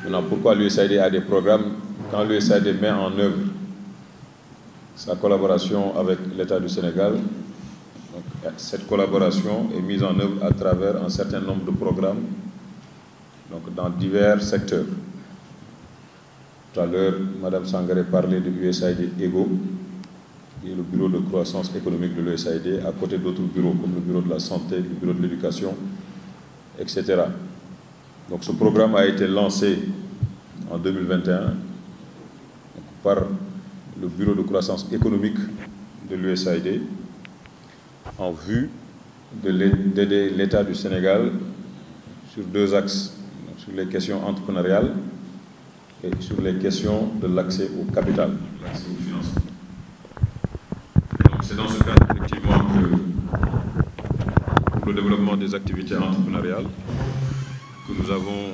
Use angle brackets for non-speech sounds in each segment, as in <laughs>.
Maintenant, pourquoi l'USAID a des programmes Quand l'USAID met en œuvre sa collaboration avec l'État du Sénégal, donc, cette collaboration est mise en œuvre à travers un certain nombre de programmes donc, dans divers secteurs. Tout à l'heure, Mme Sangaré parlait de l'USAID EGO, qui est le bureau de croissance économique de l'USAID, à côté d'autres bureaux, comme le bureau de la santé, le bureau de l'éducation, etc. ce programme a été lancé en 2021 par le bureau de croissance économique de l'USAID en vue d'aider l'État du Sénégal sur deux axes, les questions entrepreneuriales et sur les questions de l'accès au capital, aux finances. C'est dans ce cadre, effectivement, que le développement des activités entrepreneuriales, que nous avons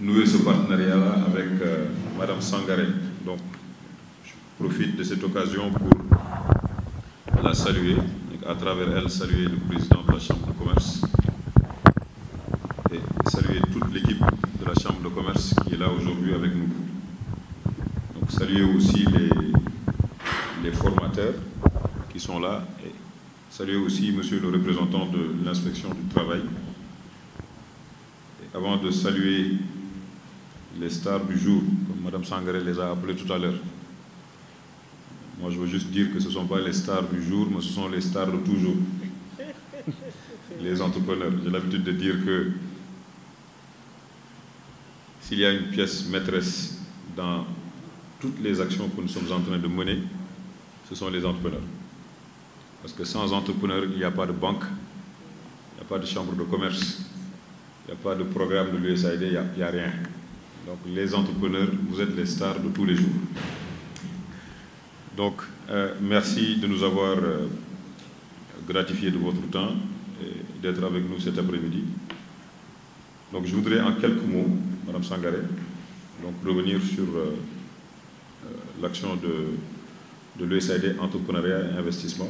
noué ce partenariat avec euh, Madame Donc, je profite de cette occasion pour la saluer, et à travers elle, saluer le président de la Chambre de commerce et saluer toute l'équipe de la Chambre de commerce qui est là aujourd'hui avec nous. saluer aussi les les formateurs qui sont là. Et saluer aussi monsieur le représentant de l'inspection du travail. Et avant de saluer les stars du jour, comme Madame Sangaré les a appelés tout à l'heure. je veux juste dire que ce ne sont pas les stars du jour, mais ce sont les stars de toujours. Les entrepreneurs. J'ai l'habitude de dire que s'il y a une pièce maîtresse dans toutes les actions que nous sommes en train de mener, ce sont les entrepreneurs. Parce que sans entrepreneurs, il n'y a pas de banque, il n'y a pas de chambre de commerce, il n'y a pas de programme de l'USAID, il n'y a, rien. les entrepreneurs, vous êtes les stars de tous les jours. Donc euh, merci de nous avoir euh, gratifié de votre temps et d'être avec nous cet après-midi. je voudrais en quelques mots, Madame Sangaré, donc revenir sur euh, l'action de de l'USAID Entrepreneuriat et Investissement,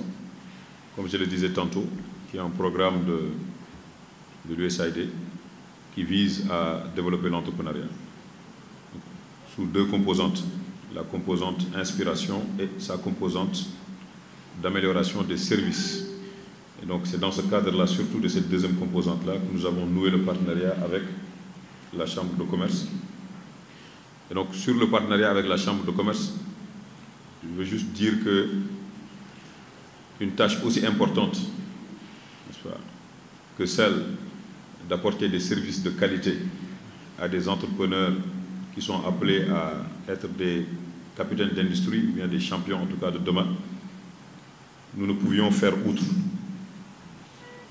comme je le disais tantôt, qui est un programme de, de l'USAID qui vise à développer l'entrepreneuriat sous deux composantes, la composante inspiration et sa composante d'amélioration des services. Et donc c'est dans ce cadre-là, surtout de cette deuxième composante-là, que nous avons noué le partenariat avec la Chambre de commerce. Et donc sur le partenariat avec la Chambre de commerce, Je veux juste dire que une tâche aussi importante, que celle d'apporter des services de qualité à des entrepreneurs qui sont appelés à être des capitaines d'industrie ou bien des champions en tout cas de demain, nous ne pouvions faire outre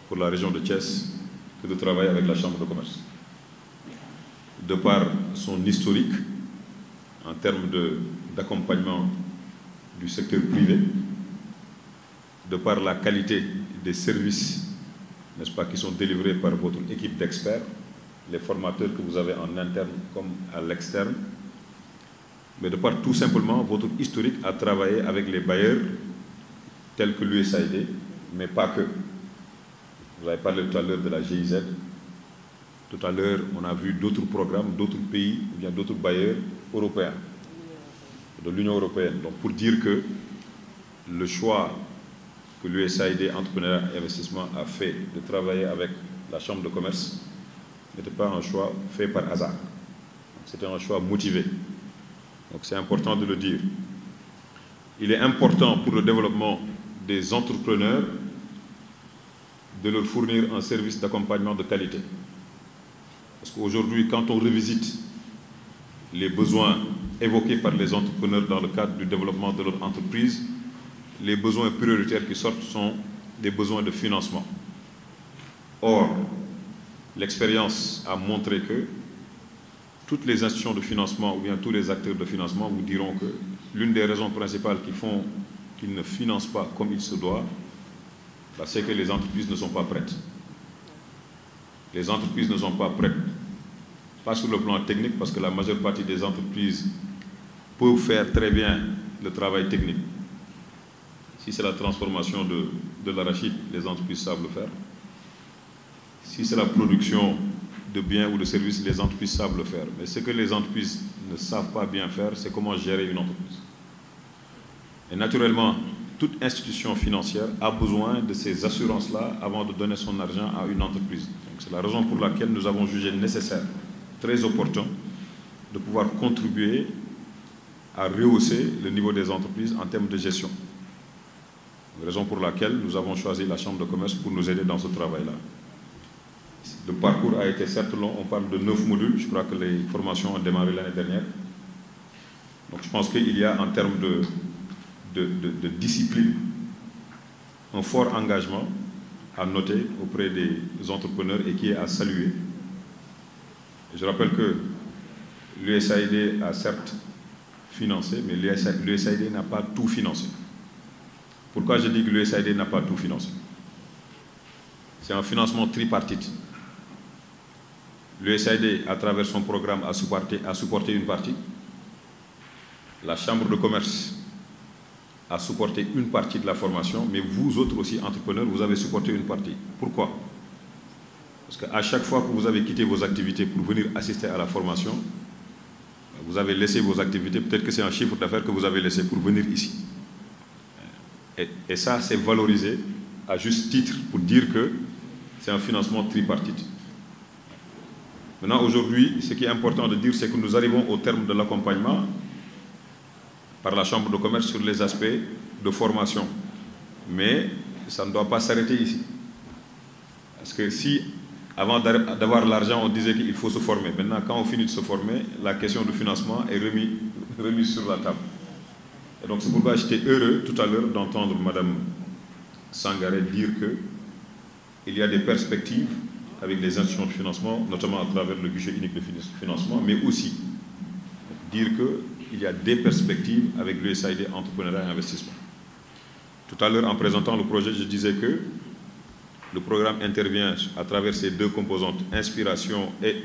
pour la région de Thiès que de travailler avec la Chambre de commerce. De par son historique en termes d'accompagnement du secteur privé, de par la qualité des services, n'est-ce pas, qui sont délivrés par votre équipe d'experts, les formateurs que vous avez en interne comme à l'externe, mais de par tout simplement votre historique à travailler avec les bailleurs tels que l'USAID, mais pas que. Vous avez parlé tout à l'heure de la GIZ. Tout à l'heure, on a vu d'autres programmes, d'autres pays, ou bien d'autres bailleurs européens. de l'Union européenne. Donc pour dire que le choix que l'USAID Entrepreneuriat et Investissement a fait de travailler avec la Chambre de commerce n'était pas un choix fait par hasard. C'était un choix motivé. Donc c'est important de le dire. Il est important pour le développement des entrepreneurs de leur fournir un service d'accompagnement de qualité. Parce qu'aujourd'hui, quand on revisite les besoins évoqués par les entrepreneurs dans le cadre du développement de leur entreprise, les besoins prioritaires qui sortent sont des besoins de financement. Or, l'expérience a montré que toutes les institutions de financement ou bien tous les acteurs de financement vous diront que l'une des raisons principales qui font qu'ils ne financent pas comme il se doit, bah, c'est que les entreprises ne sont pas prêtes. Les entreprises ne sont pas sur le plan technique, parce que la majeure partie des entreprises peuvent faire très bien le travail technique. Si c'est la transformation de, de l'arachide, les entreprises savent le faire. Si c'est la production de biens ou de services, les entreprises savent le faire. Mais ce que les entreprises ne savent pas bien faire, c'est comment gérer une entreprise. Et naturellement, toute institution financière a besoin de ces assurances-là avant de donner son argent à une entreprise. C'est la raison pour laquelle nous avons jugé nécessaire, très opportun, de pouvoir contribuer à rehausser le niveau des entreprises en termes de gestion. Raison pour laquelle nous avons choisi la Chambre de commerce pour nous aider dans ce travail-là. Le parcours a été certes long, on parle de neuf modules, je crois que les formations ont démarré l'année dernière. je pense qu'il y a en termes de, de, de, de, discipline un fort engagement à noter auprès des entrepreneurs et qui est à saluer. Je rappelle que l'USAID a certes financé, mais l'USAID n'a pas tout financé. Pourquoi je dis que l'USAID n'a pas tout financé C'est un financement tripartite. L'USAID, à travers son programme, a supporté, a supporté une partie. La Chambre de commerce a supporté une partie de la formation, mais vous autres aussi, entrepreneurs, vous avez supporté une partie. Pourquoi Parce qu'à chaque fois que vous avez quitté vos activités pour venir assister à la formation, Vous avez laissé vos activités, peut-être que c'est un chiffre d'affaires que vous avez laissé pour venir ici. Et, et ça, c'est valorisé à juste titre pour dire que c'est un financement tripartite. Maintenant, aujourd'hui, ce qui est important de dire, c'est que nous arrivons au terme de l'accompagnement par la Chambre de commerce sur les aspects de formation. Mais ça ne doit pas s'arrêter ici. Parce que si Avant d'avoir l'argent, on disait qu'il faut se former. Maintenant, quand on finit de se former, la question du financement est remise, remise sur la table. Et donc, c'est pourquoi j'étais heureux tout à l'heure d'entendre Madame Sangaré dire que il y a des perspectives avec les institutions de financement, notamment à travers le guichet unique de financement, mais aussi dire qu'il y a des perspectives avec l'USAID Entrepreneuriat et Investissement. Tout à l'heure, en présentant projet, je Le programme intervient à travers ces deux composantes, inspiration et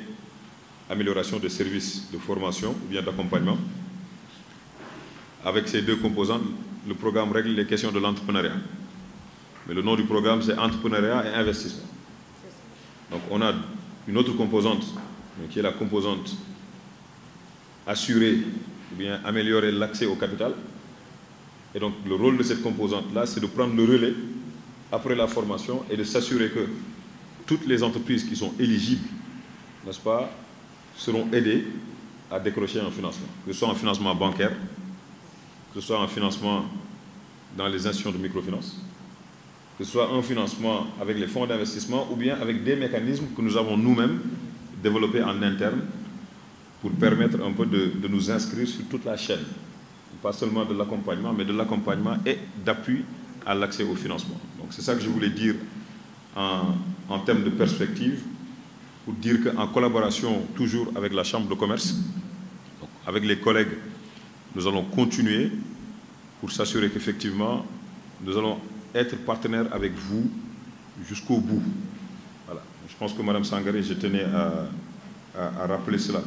amélioration de services de formation ou bien d'accompagnement. Avec ces deux composantes, le programme règle les questions de l'entrepreneuriat. Mais le nom du programme, c'est entrepreneuriat et investissement. Donc on a une autre composante, qui est la composante assurer ou bien améliorer l'accès au capital. Et donc le rôle de cette composante-là, c'est de prendre le relais après la formation est de s'assurer que toutes les entreprises qui sont éligibles, n'est-ce pas, seront aidées à décrocher un financement, que ce soit un financement bancaire, que ce soit un financement dans les institutions de microfinance, que ce soit un financement avec les fonds d'investissement ou bien avec des mécanismes que nous avons nous-mêmes développés en interne pour permettre un peu de, de nous inscrire sur toute la chaîne, pas seulement de l'accompagnement, mais de et d'appui à l'accès au financement. Donc c'est ça que je voulais dire en, en termes de perspective, pour dire qu'en collaboration toujours avec la Chambre de commerce, donc avec les collègues, nous allons continuer pour s'assurer qu'effectivement, nous allons être partenaires avec vous jusqu'au bout. Voilà. Je pense que Madame Sangaré, je tenais à, à, à rappeler cela.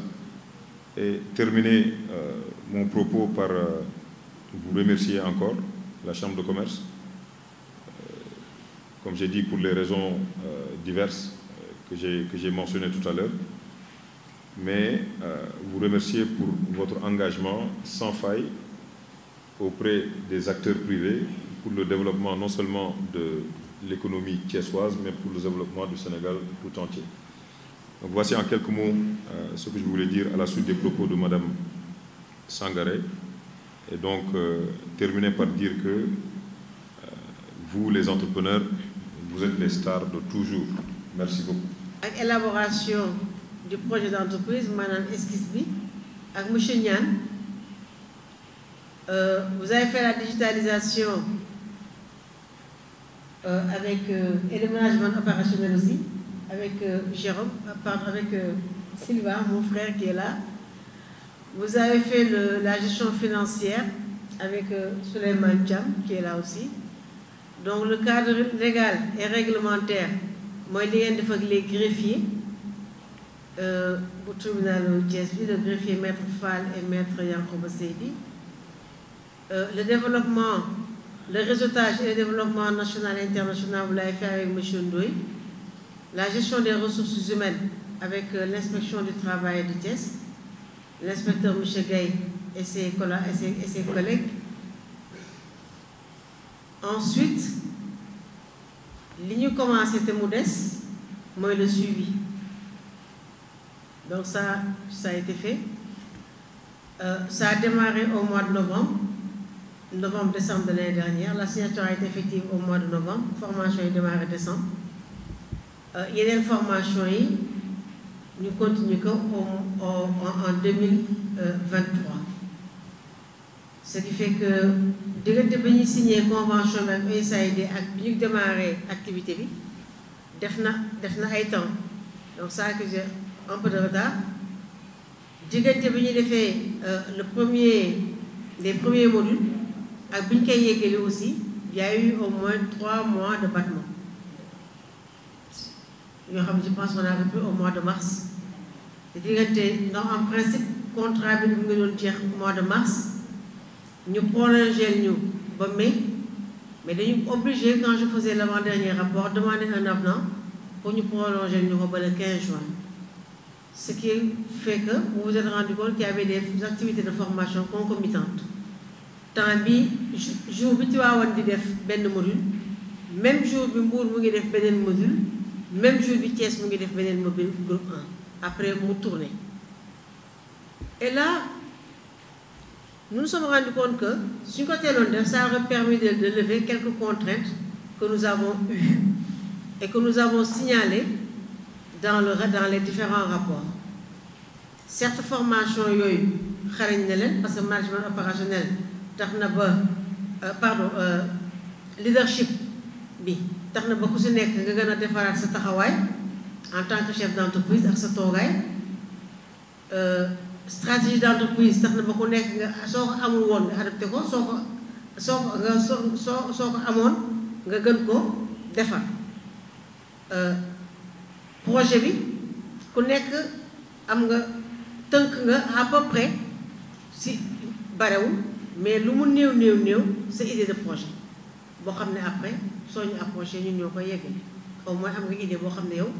Et terminer euh, mon propos par euh, vous remercier encore, la Chambre de commerce, comme j'ai dit, pour les raisons euh, diverses euh, que j'ai mentionnées tout à l'heure, mais euh, vous remercier pour votre engagement sans faille auprès des acteurs privés pour le développement non seulement de l'économie thiessoise, mais pour le développement du Sénégal tout entier. Donc voici en quelques mots euh, ce que je voulais dire à la suite des propos de Madame Sangaré. Et donc, euh, terminer par dire que euh, vous, les entrepreneurs, Vous êtes les stars de toujours. Merci beaucoup. ak élaboration du projet d'entreprise maanaam esquisse bi ak euh, la digitalisation euh, avec euh, et le management opérationnel aussi avec Jérôme pardon avec Sylvain mon frère qui est là vous avez fait la gestion financière avec Souleymane Thiam qui est là aussi donc le cadre légal et réglementaire mooy li ngeen def ak les greffiers bu euh, tribunalu Thiès bi le greffier maître Fall et maître Yankhoba Seydi euh, le développement le réseautage et développement national et international vous l'avez fait avec monsieur Ndoye la gestion des ressources humaines avec euh, l'inspection du travail de Thiès l'inspecteur monsieur Gaye et ses et ses collègues ensuite li ñu commencé te mu des mooy le suivi donc ça ça a été fait euh, ça au mois de novembre novembre décembre de l'année dernière la signature a été effective au mois de novembre formation yi démarré décembre euh, yeneen formation yi ñu continuer ko au en deux mille euh, vingt-trois ce qui fait que diggante ba ñuy signé convention bi ak USAID ak bi ñu démarré activité bi def na def na ay temps donc ça accuse un peu de retard diggante bi ñu defee euh, le premier les premiers modules ak bi ñu koy yeggali aussi y a eu trois mois de battement yoo xam ne je pense qu'on a mois de mars te diggante ndox en principe contrat bi mu ngi doon jeex mois de mars ñu prolongé ñu ba mai mais dañu obligé quand je faisais l'avant-dernier rapport demander un avenant pour ñu prolonger ñu ko ba le 15 juin ce qui fait que vous vous êtes rendu compte qu'il y avait des de formation concomitantes temps bi jour bi Tivaouane di def benn module même jour bi Mbour mu ngi def beneen module même jour bi Thiès mu ngi def beneen module groupe 1 après mu tourné et nous nous sommes rendus compte que suñ ko teeloon def ça aurait permis de de lever quelques contraintes que nous avons et que nous avons signalées dans le dans les certes formation yooyu xariñ na leen parce que management opérationnel tax na ba euh, pardon euh, leadership bi tax na ba ku si nekk nga gën a defaraat sa taxawaay en tant que chef d'entreprise ak sa toogaay. Euh, stratégie d' entreprise tax na ba ko nekk nga soo ko amul woon nga adopté ko soo ko soo ko nga soo soo ko amoon nga gën ko defar euh, projet bi ku nekk am nga tënk nga à peu si barewul mais lu mu néew néew néew sa idée de projet boo xam ne après soo ñu approché ñun ñoo koy yeggale au moins am nga idée boo xam ne yow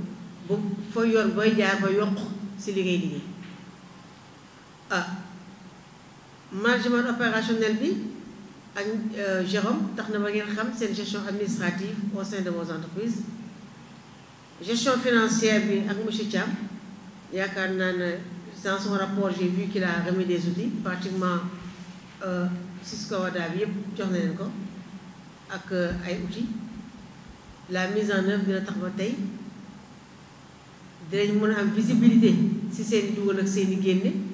bu fa yoon booy jaar ba yokk si liggéey liggéey ah management opérationnel bi ak euh, Jérôme tax na ba ngeen xam seen gestion administrative au sein de vos entreprises gestion financière bi ak monsieur yaakaar naa ne dans son rapport j'ai vu qu'il a remis des outils pratiquement euh, Siscoada bi yëpp jox na leen ko ak euh, ay outils la mise en œuvre dina tax ba tey dinañ mën a am visibilité si seen dugal ak seeni i génne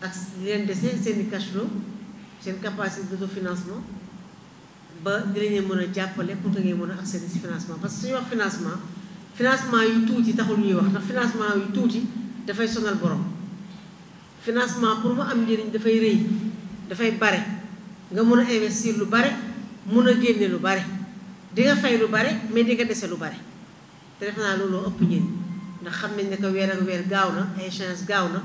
ak leen dese seen i cash seen capacité de financement ba dinañu mën a jàppale pour que ngeen mën a accéder si financement parce que suñu wax financement financement yu tuuti taxul ñuy wax ndax financement yu tuuti dafay sonal borom financement pour mu am njëriñ dafay rëy dafay bare nga mën a investir lu bare mën a génne lu bare di nga fay lu bare mais di nga dese lu bare te def naa looloo ëpp njëriñ ndax xam nañ ne que weer ak weer gaaw na échange gaaw na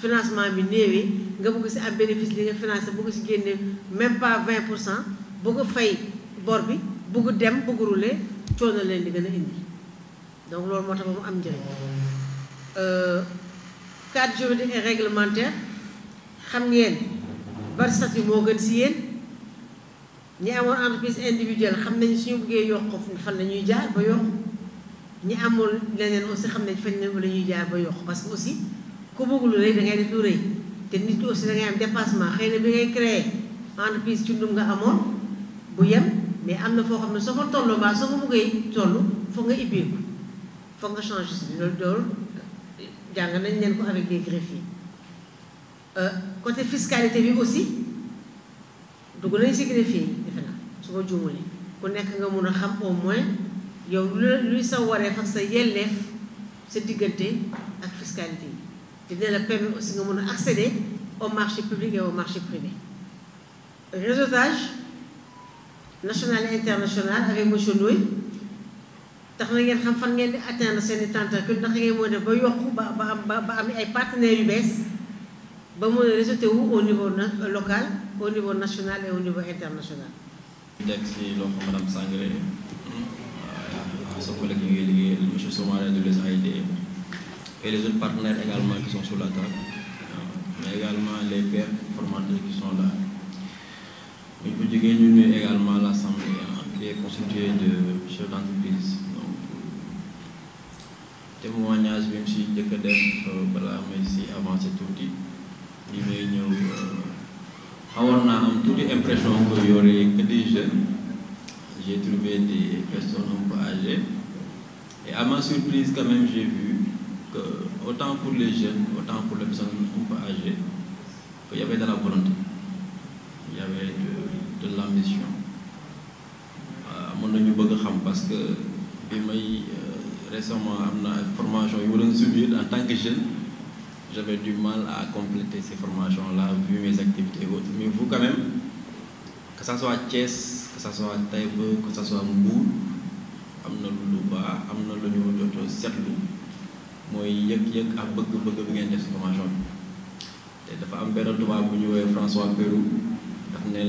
financement bi néewee nga bëgg si am bénéfice li nga financé bëgg si génne même pas 20 pour cent bëgg fay bor bi bëgg dem bëgg rouler coono leen di gën a indi donc loolu moo tax ba mu am njëriñ euh, cadre juridique et réglementaire xam ngeen bari statut moo gën si yéen ñi amoon entreprise individuelle xam nañu suñu bëggee yokk fan la ñuy jaar ba yokk ñi amul leneen aussi xam nañ fañ la ñuy jaar ba yokk parce que aussi ku eh, bëgg lu rëy da ngay def lu rëy te nit ki aussi da am dépassement xëy na bi ngay créer entreprise ci ndum nga amoon bu yem mais am na foo xam ne soo fa tolloo mbaa soo fa bëggee toll foog nga ibbeeku foog nga change si loolu loolu jàng nañ leen ko avec des greffes côté fiscalité bi aussi dugg nañ si greffes yi defe naa su ma juumalee ku nekk nga mun a xam au moins yow lu luy sa wareef ak sa yelleef sa diggante ak fiscalité yi di la permettre aussi nga mën a accéder au marché public et au marché privé réseautage national et international avec monsieur Ndoye tax na ngeen xam fan ngeen di atteindre seen i tentacule ndax ngeen moo def ba yokku ba ba am ba am ay partenaires yu bees ba mën a réseauté wu au niveau local national et au niveau et les autres partenaires également qui sont sur la table, euh, mais également les pères formateurs qui sont là. Ñu ko jógee ñu nuyu également l'assemblée qui est constituée de chefs d'entreprise donc témoignage bi mu si njëkk a def balaa may si avancer tuuti li may ñëw xawoon naa am tuuti impression que yore que des jeunes j'ai trouvé des personnes un peu âgées et à surprise quand j'ai vu que autant pour les jeunes, autant pour les personnes un peu âgées, qu'il y avait de la volonté, il y avait de, de l'ambition. Euh, mën nañu bëgg xam parce que bi may euh, récemment am na formation yu ma su subir en tant que jeune j'avais du mal à compléter ces formations là vu mes activités et autres mais vous quand même que ça soit Thiès que am na lu lu baax am na lu ñu jot seetlu mooy yëg-yëg ak bëgg-bëgg bi ngeen def si convention bi te dafa am benn tubaab bu ñu woowee François Pérou daf ne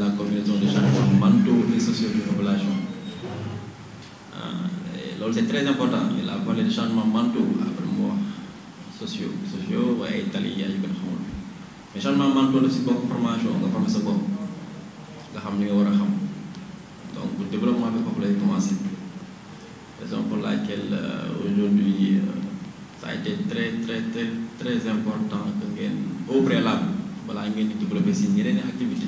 la combinaison de changements mentaux et sociaux ah, loolu c'est très important la a parlé de changements mentaux après mu wax sociaux sociaux waaye tali yaa yu gën xamul mais changement mentaux daf si bokk formation nga formé sa bopp nga xam li nga war a xam donc développement bi foofu lay commencer raison pour laquelle euh, aujourd'hui euh, ça a été très très très important que ngeen au préalable balaa ngeen di développer si ñeneen activité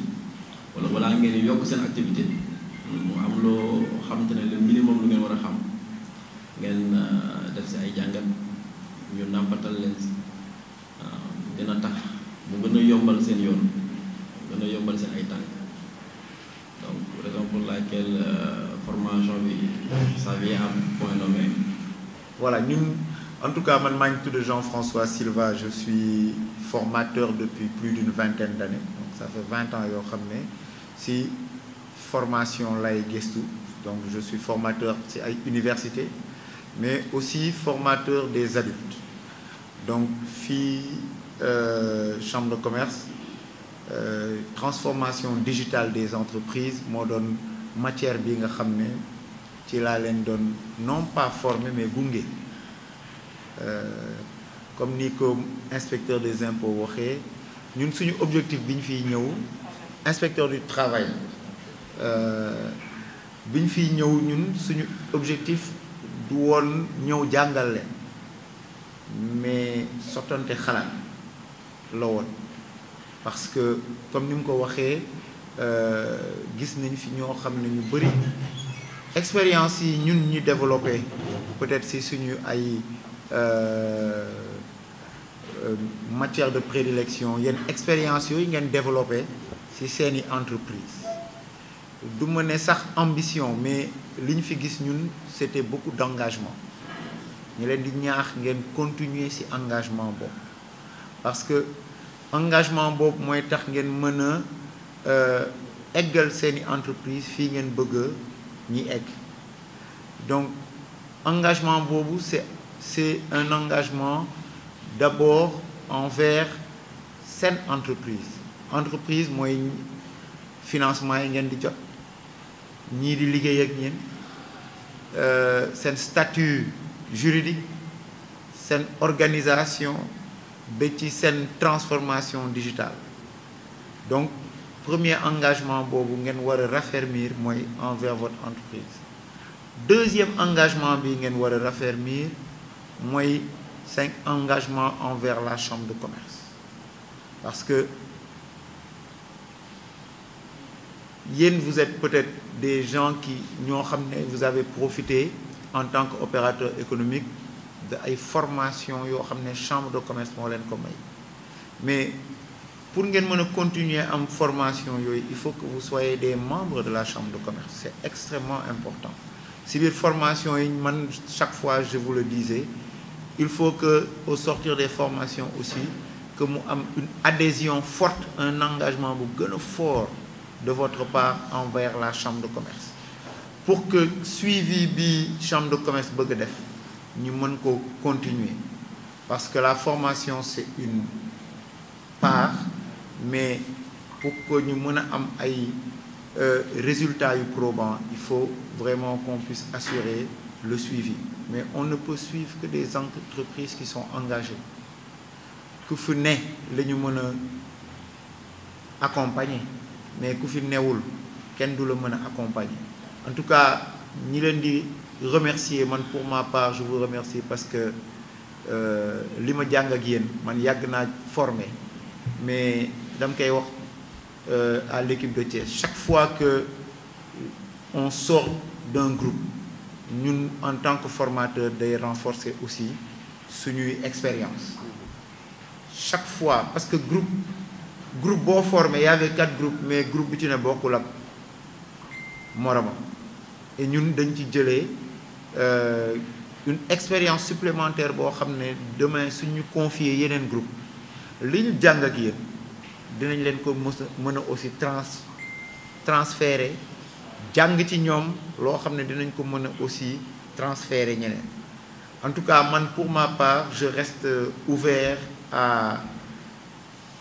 wala balaa ngeen di yokk seen activité mu am loo xamante ne le minimum lu ngeen war a xam ngeen euh, def si ay jàngat ñu nàmpatal leen si dina tax mu gën a yombal seen yoon gën a yombal seen ay tànk donc raison pour laquelle formation bi ça vient am voilà ñun en tout cas man maa ngi tudd Jean-François Silva je suis formateur depuis plus d'une vingtaine d'années donc ça fait vingt ans yoo xam ne si formation lay gëstu donc je suis formateur ci ay université mais aussi formateur des adultes donc fii euh, chambre de commerce euh, transformation digitale des entreprises moo doon matière bi nga xam ne ci laa leen doon non pas formé mais gunge euh, comme ni ko inspecteur des impo waxee ñun suñu objectif bi ñu fiy ñëw inspecteur du travail euh, bi ñu fi ñëw ñun suñu objectif du woon ñëw jàngal leen mais sottante xalaat la woon parce que comme ni mu ko waxee euh, gis nañ fi ñoo xam ne ñu bëri expérience yi ñun ñu développé peut-être si suñu ay euh, euh, matière de prédilection yenn expérience yooyu ngeen développé si seeni entreprise du ma ne sax ambition mais li ñu fi gis ñun c'était beaucoup d'engagement ñu leen di ñaax ngeen continuer ci engagement boobu parce que engagement boobu mooy tax ngeen mën a euh, eggal seeni entreprise fii ngeen bëgg ñi egg donc engagement boobu c'est c'est un engagement d'abord envers seen entreprise entreprise mooy financement yi ngeen di jot ñii di liggéey ak ñeen euh, seen statut juridique seen organisation ba ci seen transformation digitale donc premier engagement boobu ngeen war a raffermir mooy envers votre entreprise deuxième engagement bi ngeen war a raffermir mooy cinq engagement envers la chambre de commerce parce que yéen vous êtes peut-être des gens qui ñoo xam ne vous avez profité en tant que opérateur économique de ay formation yoo xam ne chambre de commerce moo leen ko may mais pour ngeen mën a continuer am formation yooyu il faut que vous soyez des membres de la chambre de commerce c'est extrêmement important si biir formation yi man chaque fois je vous le disais il faut que au sortir des formations aussi que mu am une adhésion forte un engagement bu gën a fort de votre part envers la chambre de commerce pour que suivi bi chambre de commerce bëgg def ñu mën ko continuer parce que la formation c'est une part mais pour que ñu mën a am ay euh, résultats yu probants il faut vraiment qu'on puisse assurer le suivi mais on ne peut suivre que des entreprises qui sont engagées ku fi ne la ñu mën a accompagner mais ku fi newul kenn du la mën a accompagner en tout cas ñi leen di remercier man pour ma part je vous remercie parce que euh, li ma jàng ak yéen man yàgg naa former mais dam koy wax euh, à l'équipe de Thiès chaque fois que on sort d'un groupe ñun en tant que formateur day renforcer aussi suñuy expérience chaque fois parce que group groupe boo formé y avait quatre groupes mais groupe bu ci ne bokkul ak moromam et ñun dañ ci jëlee euh, une expérience supplémentaire boo xam ne demain suñu confier yeneen groupe li ñu jàng ak yéen dinañ leen ko mës mën a aussi trans transférer jàng ci ñoom loo xam ne dinañ ko mën a aussi transférer ñeneen en tout cas man pour ma part je reste euh, ouvert à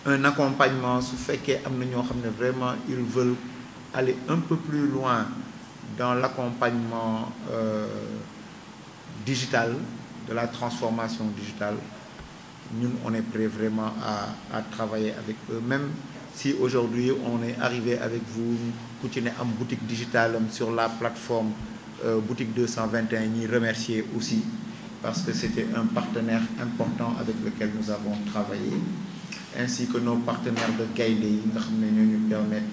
un accompagnement su fekkee am na ñoo xam ne vraiment ils veulent aller un peu plus loin dans l'accompagnement euh, digital de la transformation digitale ñun on est prêt vraiment à à travailler avec eux même si aujourd'hui on est arrivé avec vous ku ci am boutique digitale sur la plateforme euh, boutique 221 ñuy remercier aussi parce que c'était un partenaire important avec lequel nous avons travaillé ainsi que nos partenaires de Gaïndé yi nga xam ne ñu permettre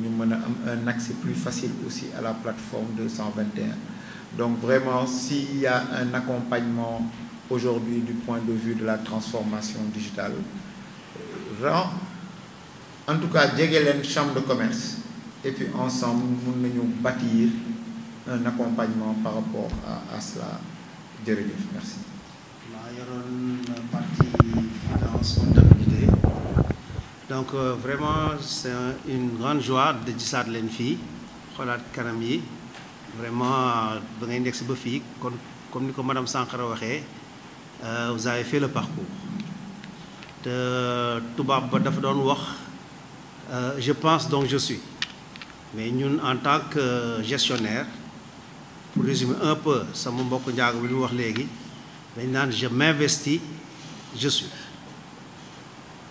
ñu mën a am un accès plus facile aussi à la plateforme de donc vraiment s'il y a un accompagnement aujourd'hui du point de vue de la transformation digitale genre euh, en tout cas jege leen chambre de commerce et puis ensemble mun nañu bâtir un accompagnement par rapport à à cela merci. maa yoroon partie finance comptabilité donc euh, vraiment c'est une grande joie de gisaat leen fii xolaat kanam yi vraiment ba ngay nekk si ba fii kon comme ni ko madame Sankara waxee. Euh, vous avez fait le parcours te tubaab ba dafa doon wax euh, je pense donc je suis mais ñun en tant que gestionnaire pour résumer un peu sama mbokk njaago bi ñu wax léegi dañ naan je m'investis je suis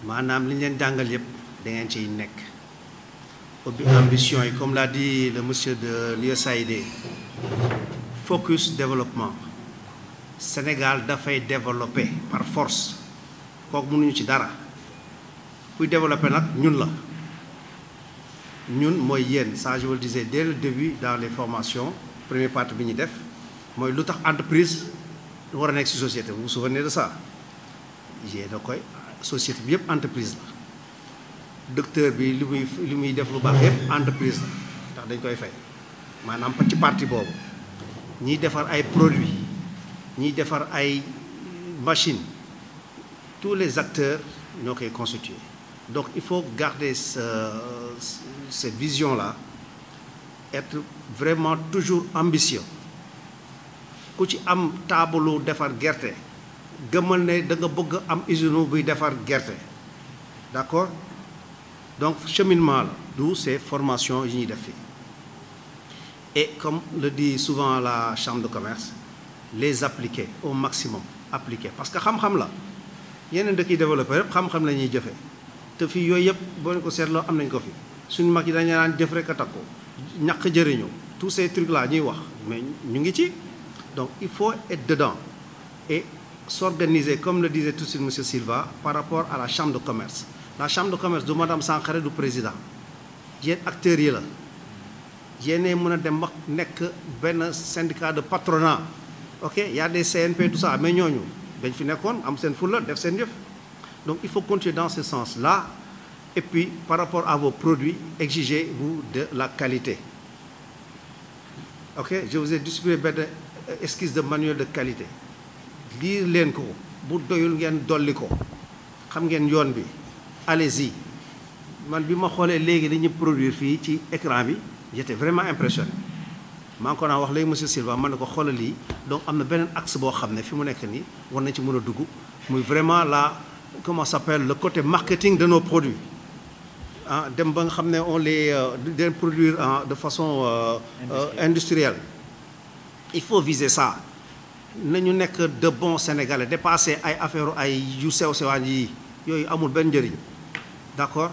maanaam li ñu leen jàngal yëpp da ngeen ciy nekk ambition yi comme l'a di le monsieur de l'USAID focus développement Sénégal dafay développé par force kooku mënuñu ci dara kuy développé nag ñun la ñun mooy yéen ça je vous le disais dans les formations première partie bi ñuy def mooy lu tax entreprise war a nekk ci société vous vous souvenez de ça yéen a koy société bi yëpp entreprise la docteur bi li muy li muy def lu baax yëpp entreprise la ndax dañ koy fay maanaam ci parti boobu ñiy defar ay produits ñuy defar ay machine tous les acteurs ñoo koy constitué donc il faut garder ce cette vision là être vraiment toujours ambitieux ku ci am taabalu defar gerte gëmal ne da bëgg am usine buy defar gerte d'accord donc cheminement la d'où ces formations yi ñuy def fii et comme le dit souvent la chambre de commerce les appliquer au maximum appliquer parce que xam-xam la yeneen dëkk yi développé xam-xam la ñuy jëfe te fii yooyu yëpp boo leen ko seetloo am nañ ko fi suñu mag yi dañu naan jëf rek a takku ñàkk jëriñoo tous ces trucs ñuy wax mais ñu ngi ci donc il faut et de dedans et s'organiser comme le disait tout de suite monsieur Silva par rapport à la chambre de commerce la chambre de commerce du madame Sankhare du président yéen acteurs yi la yéenee mën a dem ba nekk benn syndicat de patronat ok y a des CNP tout ça mais ñooñu dañ fi nekkoon am seen fulla def seen yëf donc il faut continuer dans ce sens là et puis par rapport à vos produits exigez-vous de la qualité ok je vous ai distribué benn esquisse de manuel de qualité lire leen ko bu doyul ngeen dolli ko xam ngeen yoon bi allez-y man bi ma xoolee léegi dañu produire fii ci écran bi j'étais vraiment impressionné maa ngi ko naan wax léegi monsieur Silva man ne ko xoolal lii donc am na beneen axe boo xam ne fi mu nekk nii war na ci mën a dugg muy vraiment la comment s'appelle le côté marketing de nos produits ah dem ba nga xam ne on les euh, den produire de façon euh, euh, industrielle il faut viser ça nañu nekk de bon bons sénégalais dépasser ay affaire ay yu sew sewaan yi yooyu amul benn njëriñ d'accord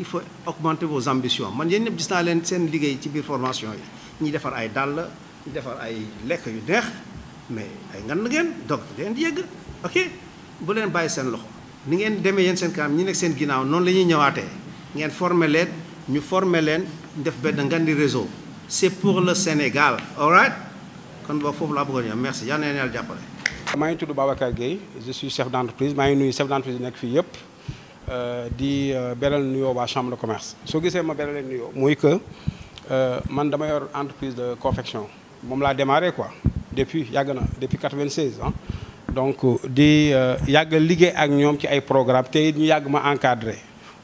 il faut augmenter vos ambitions man yéen ñëpp gis naa leen seen liggéey ci biir formation yi ñi defar ay dàll ñi defar ay lekk yu neex mais ay ngan ngeen dog leen di yëgg ok bu leen bàyyi seen loxo ni ngeen demee yéen seen kanam ñi nekk seen ginnaaw noonu la ñuy ñëwaatee ngeen former leen ñu former leen def benn ngandi réseau c'est pour le Sénégal all kon boo foofu laa bëggoon ñëw merci yal na leen yàlla jàppale maa ngi tudd Babacar Gueye je chef d'entreprise maa ngi nuyu chef d'entreprise yi nekk fii yëpp euh, di euh, beneen nuyoo waa chambre de commerce soo gisee ma beral leen mooy que Euh, man dama yor entreprise de confection moom laa démarré quoi depuis yàgg na depuis 96 ah. donc di euh, yàgg liggéey ak ñoom ci ay programme te ñu yàgg ma encadré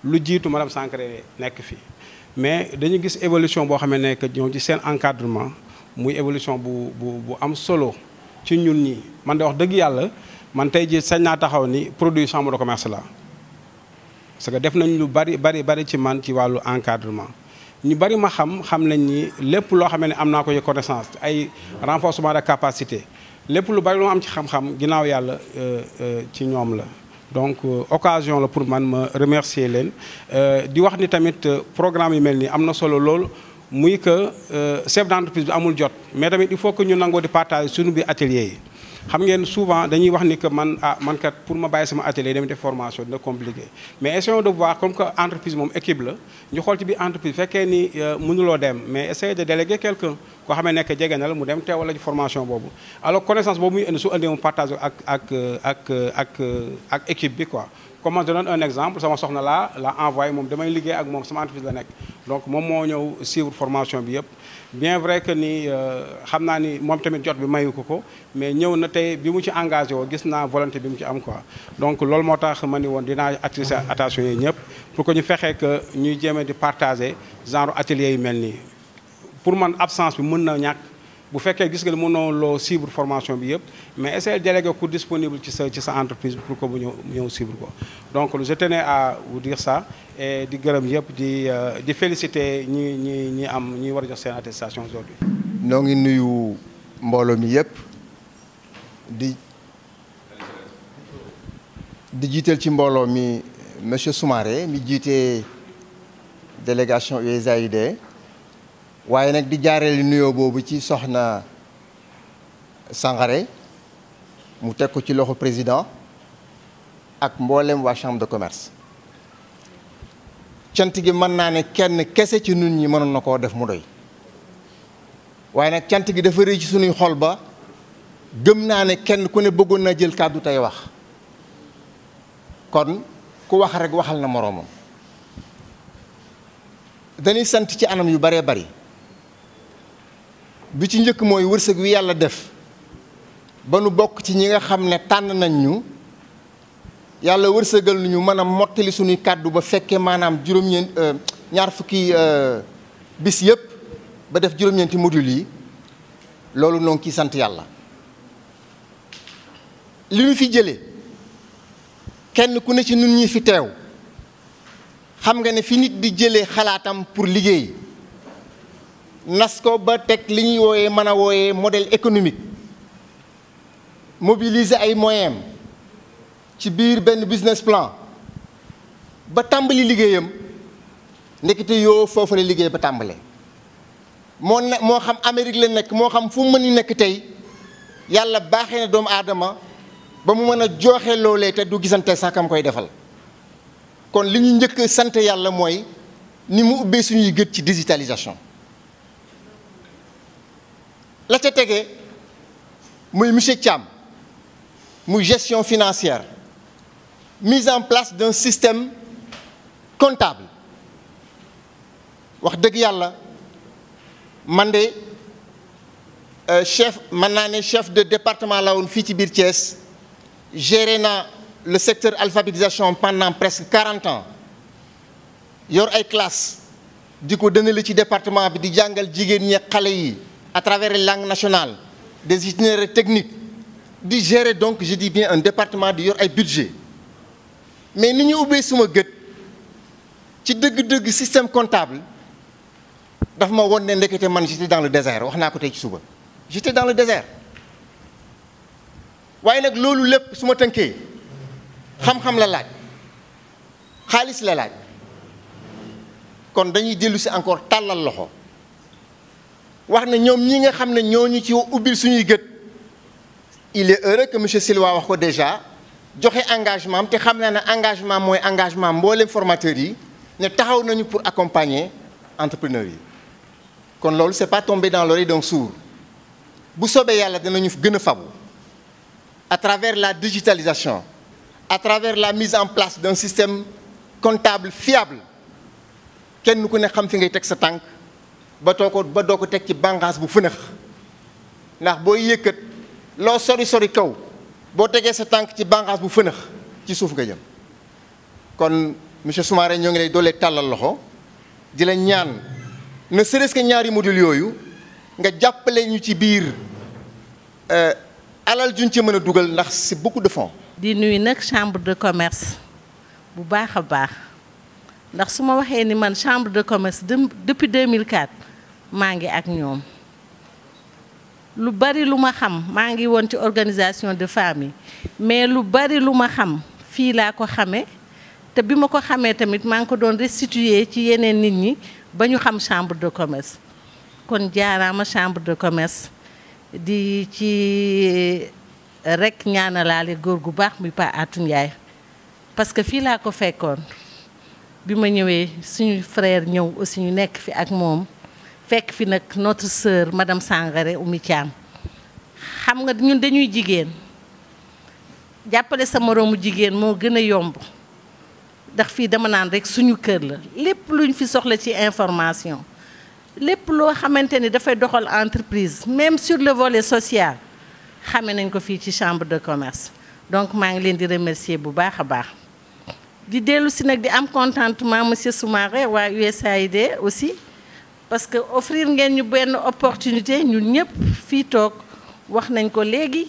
lu jiitu madame Sankaré nekk fi mais dañu gis évolution boo xamee ne que ñoom ci seen encadrement muy évolution bu bu bu am solo ci ñun ñi man de wax dëgg yàlla man tey jii sañ naa taxaw ni produit chambre de commerce la parce que def nañ lu bari bari bari ci man ci wàllu encadrement ñu bari ma xam xam nañ ni lépp loo xamee ne am naa ko ci connaissance ay renforcement de capacité lépp lu bari lu ma am ci xam-xam ginnaaw yàlla euh, euh, ci ñoom la. donc euh, occasion la pour man ma remercier leen di wax ni tamit programme yu mel nii am na solo lool muy que chef d'entreprise bi amul jot mais tamit il faut que ñu nangoo di partager suñu bi atelier yi. xam ngeen souvent dañuy wax ni que man a ah, man kat pour ma bàyyi sama atelier dem def formation dina compliqué mais essayons de voir comme que entreprise moom équipe la ñu xool ci biir fekkee ni euh, mënuloo dem mais essayer de déléguer quelqu'un koo xamee nekk jege na la mu dem teew la ci formation boobu alors connaissance boobu muy indi su indee mu partage ak ak ak ak ak équipe bi quoi comme je donne un exemple sama soxna laa la envoyé moom damay liggéey ak moom sama entreprise la nekk donc moom moo ñëw suivre formation bi yëpp bien vrai que ni euh, xam naa ni moom tamit jot bi mayu ko ko mais ñëw na tey bi mu ci engagé woo gis naa volonté bi mu ci am quoi donc loolu moo tax ma ni woon dinaa attirer attention yi ñëpp pour ko ñu fexee que ñuy jéem di partager genre atelier yi mel nii pour man absence bi mën na ñàkk. bu fekkee gis nga ne mënoo loo cible formation bi yëpp mais essayer délégué cours disponible ci sa ci sa entreprise pour que mu ñëw ñëw cible ko donc je tenais à vous dire sax et di gërëm yëpp di euh, di féliciter ñi ñi ñi am ñi war a jox seen attestation aujourd'hui noo ngi nuyu mbooloo mi yëpp di di jiital ci mbooloo mi monsieur Soumaré mi jiite délégation USAID waaye nag di jaareel nuyoo boobu ci soxna Sangaré mu teg ko ci loxo président ak mboolem waa chambre de commerce cant gi mën naa ne kenn kese ci nun ñi mënoon na koo def mu doy waaye nag cant gi dafa rëy ci sunuy xol ba gëm naa ne kenn ku ne bëggoon na jël kàddu tey wax kon ku wax rekk waxal na moroomam dañuy sant ci anam yu baree bari bi ci njëkk mooy wërsëg wi yàlla def ba nu bokk ci ñi nga xam ne tànn nañ ñu yàlla wërsëgal ñu mën a mottali suñuy kàddu ba fekkee maanaam juróom-ñeent euh, ñaar fukki euh, bis yëpp ba def juróom-ñeenti module yi loolu noo ngi sant yàlla li ñu fi jëlee kenn ku ne ci nun ñi fi teew xam nga ne fi nit di jëlee xalaatam pour liggéey nas ko ba teg li ñuy wooyee mën a wooyee modèle économique mobiliser ay moyen ci biir benn business plan ba tàmbali liggéeyam ndekete yoo foofu la liggéey ba tàmbalee moo ne moo xam Amérique la nekk moo xam fu mën ni nekk tey yàlla baaxee na doomu aadama ba mu mën a jooxe loolee te du gisante sax kam koy defal kon li ñu njëkk sant yàlla mooy ni mu ubbee suñuy gët ci digitalisation la ca tege muy monsieur Thiam muy gestion financière mise en place d'un système comptable wax dëgg yàlla man de euh, chef mën naa ne chef de département la woon fii ci biir Thiès géré naa le secteur alphabétisation pendant presque quarante ans yor ay classe di ko dënale ci département bi di jàngal jigéen ñi xale yi à travers les langues nationales des itinéraires technique di gérer donc je dis bien un département di yor ay budget mais ni ñu ubbee suma gët ci dëgg-dëgg système comptable daf ma won ne ndekete man j'étais dans le désert wax naa ko tey ci suba j'étais dans le désert waaye nag loolu lépp suma ma tënkee xam-xam la laaj xaalis la laaj kon dañuy dellu si encore tàllal loxo wax na ñoom ñi nga xam ne ñoo ñu ci ubbil suñuy gët il est heureux que monsieur Silwa wax ko déjà joxe engagement am te xam naa ne engagement mooy engagement mboolem formateur yi ne taxaw nañu pour accompagner entrepreneurs yi kon loolu c'est pas tombé dans l'oreille donc sourd bu soobee yàlla danañu gën a fabu à travers la digitalisation à travers la mise en place d'un système comptable fiable kenn ku ne xam fi ngay teg sa tànk ba too ko ba doo ko teg ci bànqaas bu fënax ndax booy yëkkat loo sori sori kaw boo tegee sa tànk ci bànqaas bu fënëx ci suuf nga jëm kon monsieur Soumaré ñoo ngi lay doolee tàllal loxo di la ñaan ne serait-ce ñaari module yooyu nga jàppale ñu ci biir euh, alal juñ ci mën a dugal ndax si beaucoup de fonds di nuyu nag chambre de commerce bu baax a baax ndax su ma waxee ni man chambre de commerce depuis 2004 maa ngi ak ñoom lu bari lu ma xam maa ngi woon ci organisation de femmes mais lu bari lu ma xam fii laa ko xamee te bi ma ko xamee tamit maa ngi ko doon restituer ci yeneen nit ñi ba ñu xam chambre de commerce kon jaaraama chambre de commerce di ci eh, rek ñaanalaale góor gu baax muy Pa Atou Ndiaye parce que fii laa ko fekkoon bi ma ñëwee suñu frère ñëw aussi ñu nekk fi ak moom fekk fi nag notre sœur madame Sangaré Oumy Thiam xam nga ñun dañuy jigéen jàppale sa moroomu jigéen moo gën a yomb ndax fii dama naan rek suñu kër la lépp luñ fi soxla ci information lépp loo xamante ni dafay doxal entreprise même sur le volet social xame nañ ko fii ci chambre de commerce donc maa ngi leen di remercier bu baax a baax di dellu si nag di am contentement monsieur Soumaré waa USAID aussi parce que offrir ngeen ñu benn opportunité ñun ñëpp fii toog wax nañ ko léegi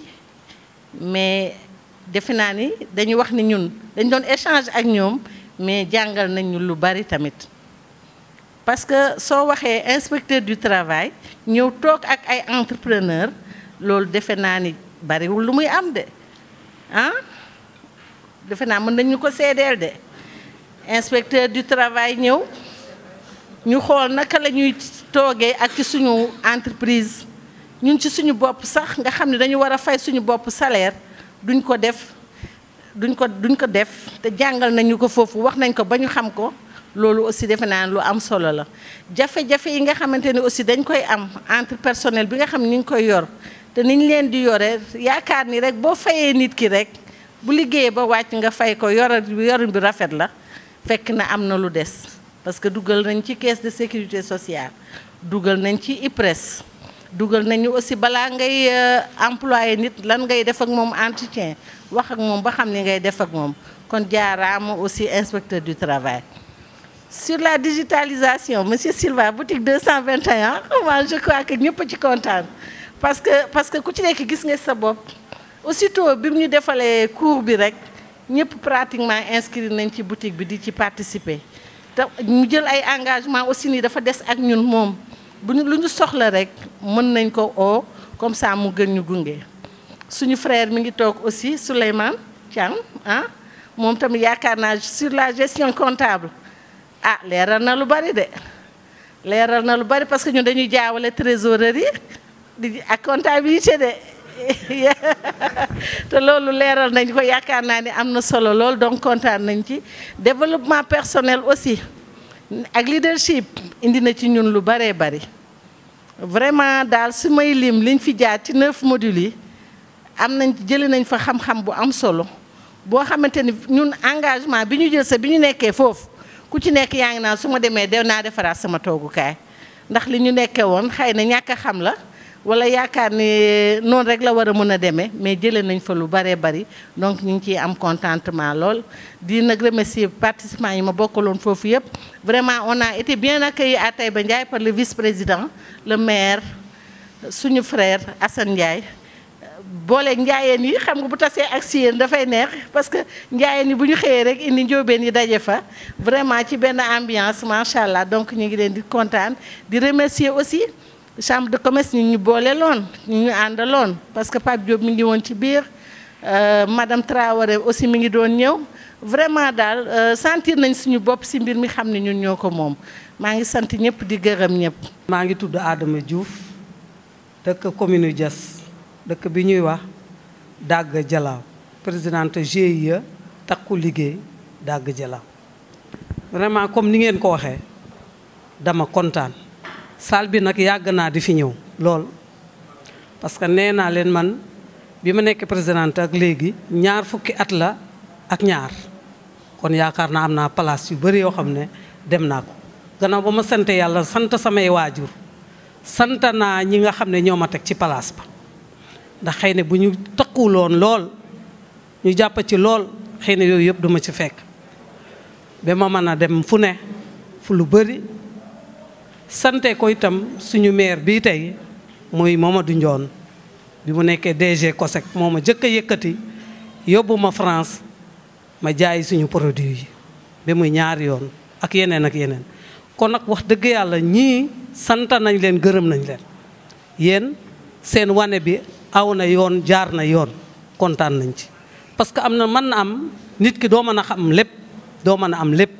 mais defe naa ni dañu wax ni ñun dañ doon échange ak ñoom mais jàngal nañ ñu lu bari tamit. parce que soo waxee inspecteur du travail ñëw toog ak ay entrepreneur loolu defe naa ni bariwul lu muy am de ah defe naa mën nañu ko seedeel de inspecteur du travail ñëw. ñu xool naka la ñuy toogee ak ci suñu entreprise ñun ci suñu bopp sax nga xam ne dañu war a fay suñu bopp salaire duñ ko def duñ ko duñ ko def te jàngal nañu ko foofu wax nañ ko ba ñu xam ko loolu aussi defe naa lu am solo la. jafe-jafe yi nga xamante ne aussi dañ koy am entre personnel bi nga xam ni ñu koy yor te niñ leen di yore yaakaar ni rek boo fayee nit ki rek bu liggéeyee ba wàcc nga fay ko yor yorin bi rafet la fekk na am na lu des. parce que dugal nañ ci caisse de sécurité sociale dugal nañ ci IPRES dugal nañu aussi balaa ngay euh, employé nit lan ngay def ak moom entretien wax ak moom ba xam ni ngay def ak moom kon jaaraama aussi inspecteur du travail. sur la digitalisation monsieur Silva boutique 221 <laughs> moi je crois que ñëpp ci kontaan parce que parce que ku ci nekk gis nga sa bopp aussi aussitôt bi mu ñu defalee cours bi rek ñëpp pratiquement inscrit nañ ci boutique bi di ci participer. te mu jël ay engagement aussi nii dafa des ak ñun moom bu lu ñu soxla rek mën nañ ko oo comme ça mu gën ñu gunge suñu frère mi ngi toog aussi Souleymane Thiam ah moom tamit yaakaar naa sur la gestion comptable ah leeral na lu bari de leeral na lu bari parce que ñun dañuy jaawale trésorerie yi ak comptabilité de <laughs> te loolu leeral nañ ko yaakaar naa ni am na solo lool donc kontaan nañ ci développement personnel aussi ak leadership indi na ci ñun lu baree bari vraiment daal su may lim liñ fi jaar ci neuf modules yi am nañ jëli nañ fa xam-xam bu am solo boo xamante ni ñun engagement bi ñu jël sa bi ñu nekkee foofu ku ci nekk yaa ngi naan su ma demee de naa defaraat sama toogukaay ndax li ñu nekkee woon xëy na ñàkk xam la wala yaakaar ni eh, noonu rek la war a mën a demee mais jële nañu fa lu baree bari donc ñu ngi ciy am contentement lool di nag remercier participants yi ma bokkaloon foofu yëpp vraiment on a été bien accueillis à ba Ndiaye par le vice-président le maire suñu frère assan Ndiaye boole njaayeen yi xam nga bu tasee ak si yéen dafay neex parce que njaayeen yi bu ñu xëyee rek indi njóobeen yi daje fa vraiment ci benn ambiance macha allah donc ñu ngi leen di kontaan di remercier aussi chambre de commerce ñu ñu booleeloon ñu ñu àndaloon parce que Pape Diop mi ngi woon ci biir euh, madame Traoré aussi mi ngi doon ñëw vraiment daal euh, santir nañ suñu bopp si mbir mi xam ne ñun ñoo ko moom maa ngi sant ñëpp di gërëm ñëpp. maa ngi tudd aadama Diouf dëkk commune Diass dëkk bi ñuy wax dàgg Jalaaw présidente GIE takku liggéey dàgg Jalaaw vraiment comme ni ngeen ko waxee dama kontaan. salle bi nag yàgg naa di fi ñëw lool parce que nee naa leen man bi ma nekk présidente ak léegi ñaar fukki at la ak ñaar kon yaakaar naa am naa place yu bari yoo xam ne dem naa ko gannaaw ba ma sant yàlla sant samay waajur sant naa ñi nga xam ne ñoo ma teg ci place ba ndax xëy na bu ñu takkuloon lool ñu jàpp ci lool xëy na yooyu yëpp duma ci fekk ba ma mën a dem fu ne fu lu bëri sante ko itam suñu maire bii tey muy Mamadou njoon bi mu nekkee DG COSEC moom a jëkk a yëkkati yóbbu ma France ma jaay suñu produit yi bi muy ñaari yoon ak yeneen ak yeneen kon nag wax dëgg yàlla ñii santa nañ leen gërëm nañ leen yéen seen wane bi aw na yoon jaar na yoon kontaan nañ ci parce que am na mën na am nit ki doo mën a xam lépp doo mën a am lépp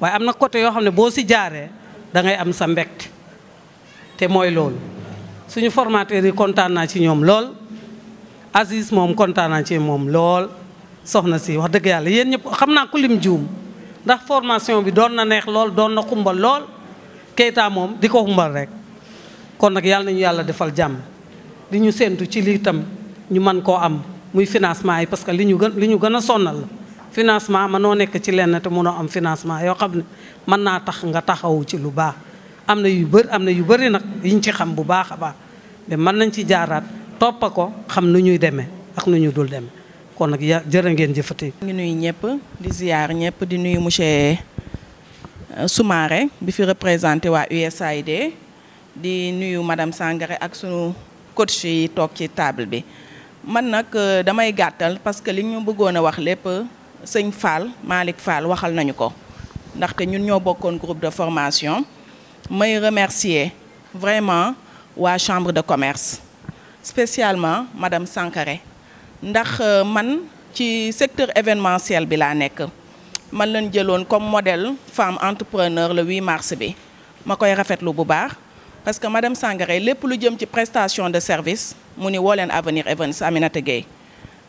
waaye am na côté yoo xam ne boo si jaaree da ngay am sa mbégte te mooy loolu suñu formateurs yi kontaan naa ci ñoom lool Aziz moom kontaan naa ci moom lool soxna si wax dëgg yàlla yéen ñëpp xam naa ku lim juum ndax formation bi doon na neex lool doon na xumbal lool Keita moom di ko xumbal rek kon nag yàlla nañu yàlla defal jàmm di ñu séentu ci lii tam ñu mën koo am muy financement yi parce que li ñu gën li ñu gën a sonnal la financement noo nekk ci lenn te mënoo am financement yoo xam ne mën naa tax nga taxawu ci lu baax am na yu bëri am na yu bëri nag yiñ ci xam bu baax a baax mais mën nañ ci jaaraat toppa ko xam nu ñuy demee ak nu ñu dul demee kon nag ya a ngeen jëfati ngi nuyu ñëpp di ziar ñëpp di nuyu monsieur euh, Soumaré bi fi représenté waa USAID di nuyu madame Sangaré ak sunu coach yi toog ci table bi man nag euh, damay gàttal parce que li ñu bëggoon a wax lépp sëñ Fall Malick Fall waxal nañu ko ndaxte ñun ñoo bokkoon groupe de formation may remercier vraiment waa chambre de commerce spécialement madame Sankaré ndax euh, man ci secteur événementiel bi laa nekk man leen jëloon comme modèle femme entrepreneur la 8 mars bi ma koy rafetlu bu baax parce que madame Sangaré lépp lu jëm ci prestation de service mu ni woo leen Avenir Events Aminata Gueye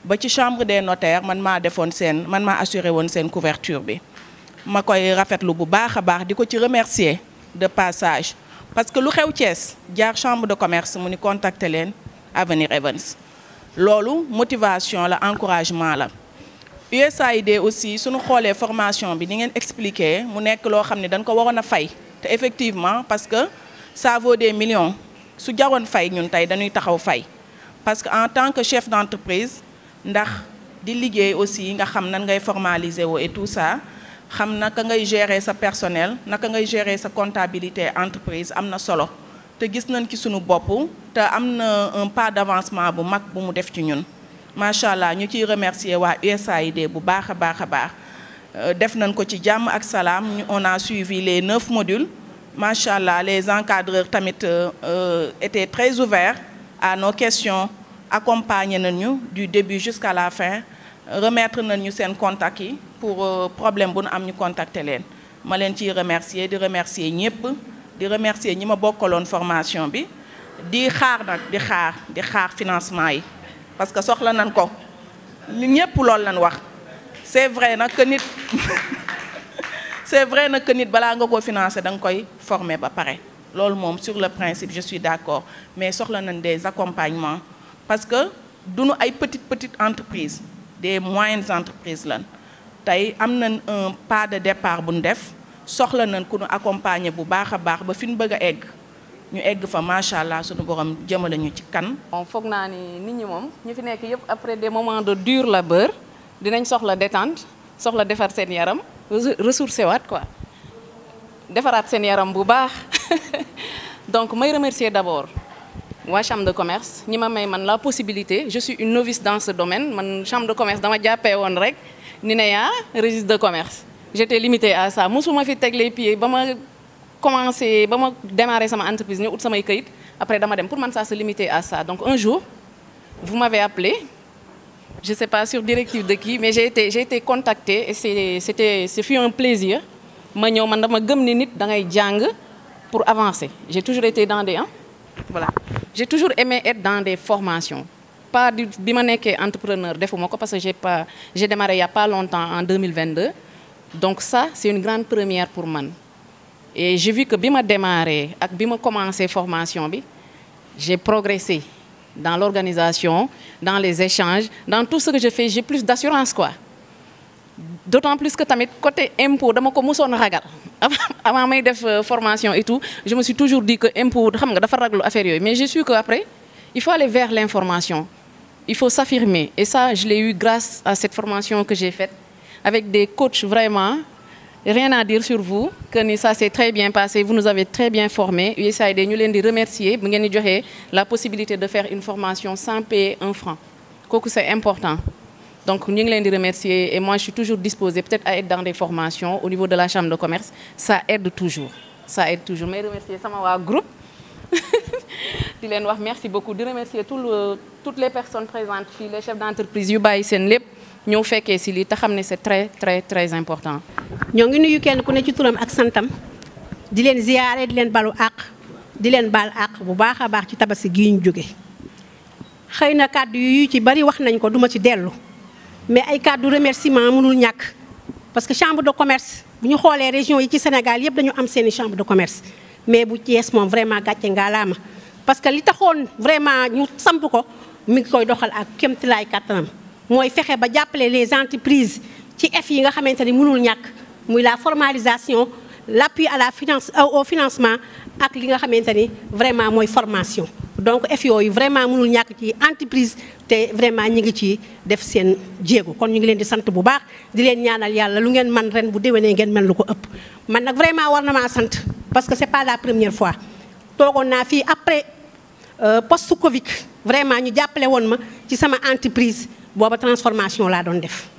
ba ci chambre de notaire man maa defoon seen man maa assuré woon seen couverture bi ma koy rafetlu bu baax a baax di ko ci remercier de passage parce que lu xew cees jaar chambre de commerce mu ni contacter leen Avenir Events loolu motivation la encouragement la USAID aussi suñu xoolee formation bi ni ngeen expliquer mu nekk loo xam ne dañ ko waroon a fay te effectivement parce que ça vaut des million su jaroon fay ñun tey dañuy taxaw fay parce que en tant que chef d'entreprise ndax di liggéey aussi nga xam nan ngay formaliser woo et tout ça xam naka ngay gérer sa personnel naka ngay gérer sa comptabilité entreprise am na solo te gis nañ ki sunu bopp te am na un pas d'avancement bu mag bu mu def ci ñun macha allah ñu ciy remercier waa USAID bu baax a baax a baax euh, def nañ ko ci jàmm ak salaam on a suivi les neuf modules macha allah les encadreurs tamit euh, euh, étaient très ouverts à question questions accompagné nañu du début jusqu'à la fin remettre nañu seen contact yi pour euh, problème bu nu am ñu contacter leen ma leen ci remercier di remercier ñëpp di remercier ñi ma bokkaloon formation bi di xaar nag di xaar di xaar financement yi parce que soxla nañ ko ñëpp loolu lañ wax c'est vrai nag que nit <laughs> c'est vrai nag que nit balaa nga ko financer da nga koy former ba pare loolu moom sur le principe je suis d'accord mais soxla nañ des accompagnements parce que duñu ay petite petite entreprise des moyennes entreprises lan tey am na un pas de départ bu ñu def soxla nañ ku ñu accompagner bu baax a baax ba fi ñu bëgg a egg ñu egg fa macha allah suñu borom jëmale ñu ci kan. bon foog naa ni nit ñi moom ñu fi nekk yëpp après des moment de dure la labeur dinañ soxla détente soxla defar seen yaram ressourcé waat quoi defaraat seen yaram bu baax <laughs> donc may remercier d'abord. waa chambre de commerce ñi ma may man la possibilité je suis une novice dans ce domaine man chambre de commerce dama jàppee woon rek ni ne yaa registre de commerce j'étais limitée à ça ma fi teg les pieds ba ma commencé ba ma démarré sama entreprise ñu ut samay kayit après dama dem pour man sa se limiter à ça donc un jour vous m'avez appelé je sais pas sur directive de qui mais j'ai été j'ai été contactée et c'est c'était ce fut un plaisir ma ñëw man dama gëm ni nit da ngay jàng pour avancer j'ai toujours été dans des hein voilà j'ai toujours aimé être dans des formations pas du bi ma nekkee entrepreneur defuma ko parce que j'ai pas j'ai démarré il y a pas longtemps en 2022 donc ça c'est une grande première pour man et j'ai vu que bi ma démarré ak bi ma commencé formation bi j'ai progressé dans l'organisation dans les échanges dans tout ce que je fais j'ai plus d'assurance quoi d'autant plus que tamit côté impôt dama ko mosoon ragal avant may def euh, formation et tout je me suis toujours dit que impôt xam nga dafa raglu affaire yooyu mais j'ai su que après il faut aller vers l'information il faut s'affirmer et ça je l'ai eu grâce à cette formation que j'ai faite avec des coachs vraiment rien à dire sur vous que ni ça très bien passé vous nous avez très bien formés USAID ñu leen di remercier bu ngeen di joxee la possibilité de faire une formation sans payer un franc kooku c'est important Donc, nous les remercier et moi, je suis toujours disposée peut-être à être dans des formations au niveau de la chambre de commerce. Ça aide toujours. Ça aide toujours. Mais remercier <laughs> di leen wax merci beaucoup. Je remercier tout le, toutes les personnes présentes, les chefs d'entreprise, Yubaï Senlep. Nous fait que c'est très, très, très important. Nous avons ku ne ci turam ak santam. di leen ziyaare di leen balu àq di leen baal àq bu baax a baax ci tabaski gii ñu jóge xëy na kàddu yu ci bari wax nañ ko duma ci dellu mais ay kàddu remerciement mënul ñàkk parce que chambre de commerce bu ñu xoolee région yi ci Sénégal yëpp dañu am seeni chambre de commerce mais bu Thiès moom vraiment gàcce ngaalaama parce que li taxoon vraiment ñu samp ko mi ngi koy doxal ak kéemtalaay kàttanam mooy fexe ba jàppale les entreprises ci F yi nga xamante ni mënul ñàkk muy la formalisation l' à la finance au financement ak li nga xamante ni vraiment mooy formation donc ef yi vraiment mënul ñàkk ci entreprise te vraiment ñi ngi ci def seen jéego kon ñu ngi leen di sant bu baax di leen ñaanal yàlla lu ngeen man ren bu déwénee ngeen mel lu ko ëpp man nag vraiment war na maa sant parce que c'est pas la première fois toogoon naa fii après euh, post Covid vraiment ñu jàppale woon ma ci sama entreprise booba transformation laa doon def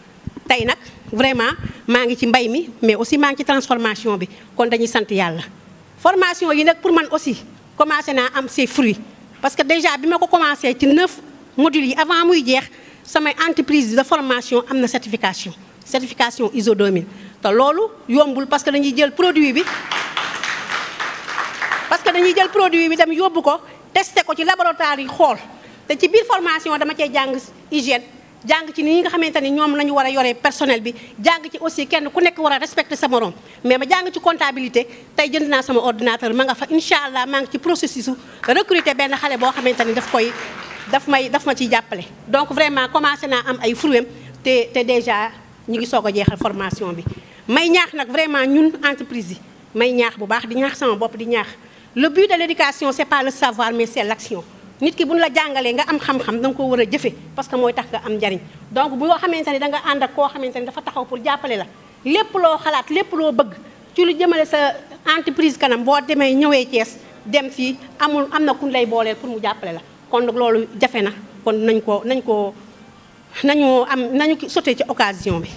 tey nag vraiment maa ngi ci mbay mi mais aussi maa ngi ci transformation bi kon dañuy sant yàlla formation yi nag pour man aussi commencé naa am ses fruits parce que déjà bi ma ko commencé ci neuf modules yi avant muy jeex samay entreprise de formation am na certification certification ISO 2000 te loolu yombul parce que dañuy jël produit bi parce que dañuy jël produit bi dem yóbbu ko testé ko ci laboratoire yi xool te ci biir formation dama cee jàng hygiène jàng ci ni nga xamante ni ñoom la ñu war a yore personnel bi jàng ci aussi kenn ku nekk war a respecter sa morom mais ma jàng ci comptabilité tey jënd naa sama ordinateur ma nga fa incha allah ma ngi ci processus su benn xale boo xamante ni daf koy daf may daf ma ciy jàppale. donc vraiment commencé naa am ay fruits te te déjà ñu ngi soog a jeexal formation bi may ñaax nag vraiment ñun entreprise yi may ñaax bu baax di ñaax sama bopp di ñaax le but de l'éducation c'est pas le savoir l'action. nit ki bu ñu la jàngalee nga am xam-xam da ko war a jëfe parce que mooy tax nga am njariñ donc bu yoo xamante ni danga ànd ak koo xamante ni dafa taxaw pour jàppale la lépp loo xalaat lépp loo bëgg ci lu jëmale sa entreprise kanam boo demee ñëwee Thiès dem fii amul am na ku lay booleel pour mu jàppale la kon loolu jafe na kon nañ ko nañ ko nañu am nañu sotee ci occasion bi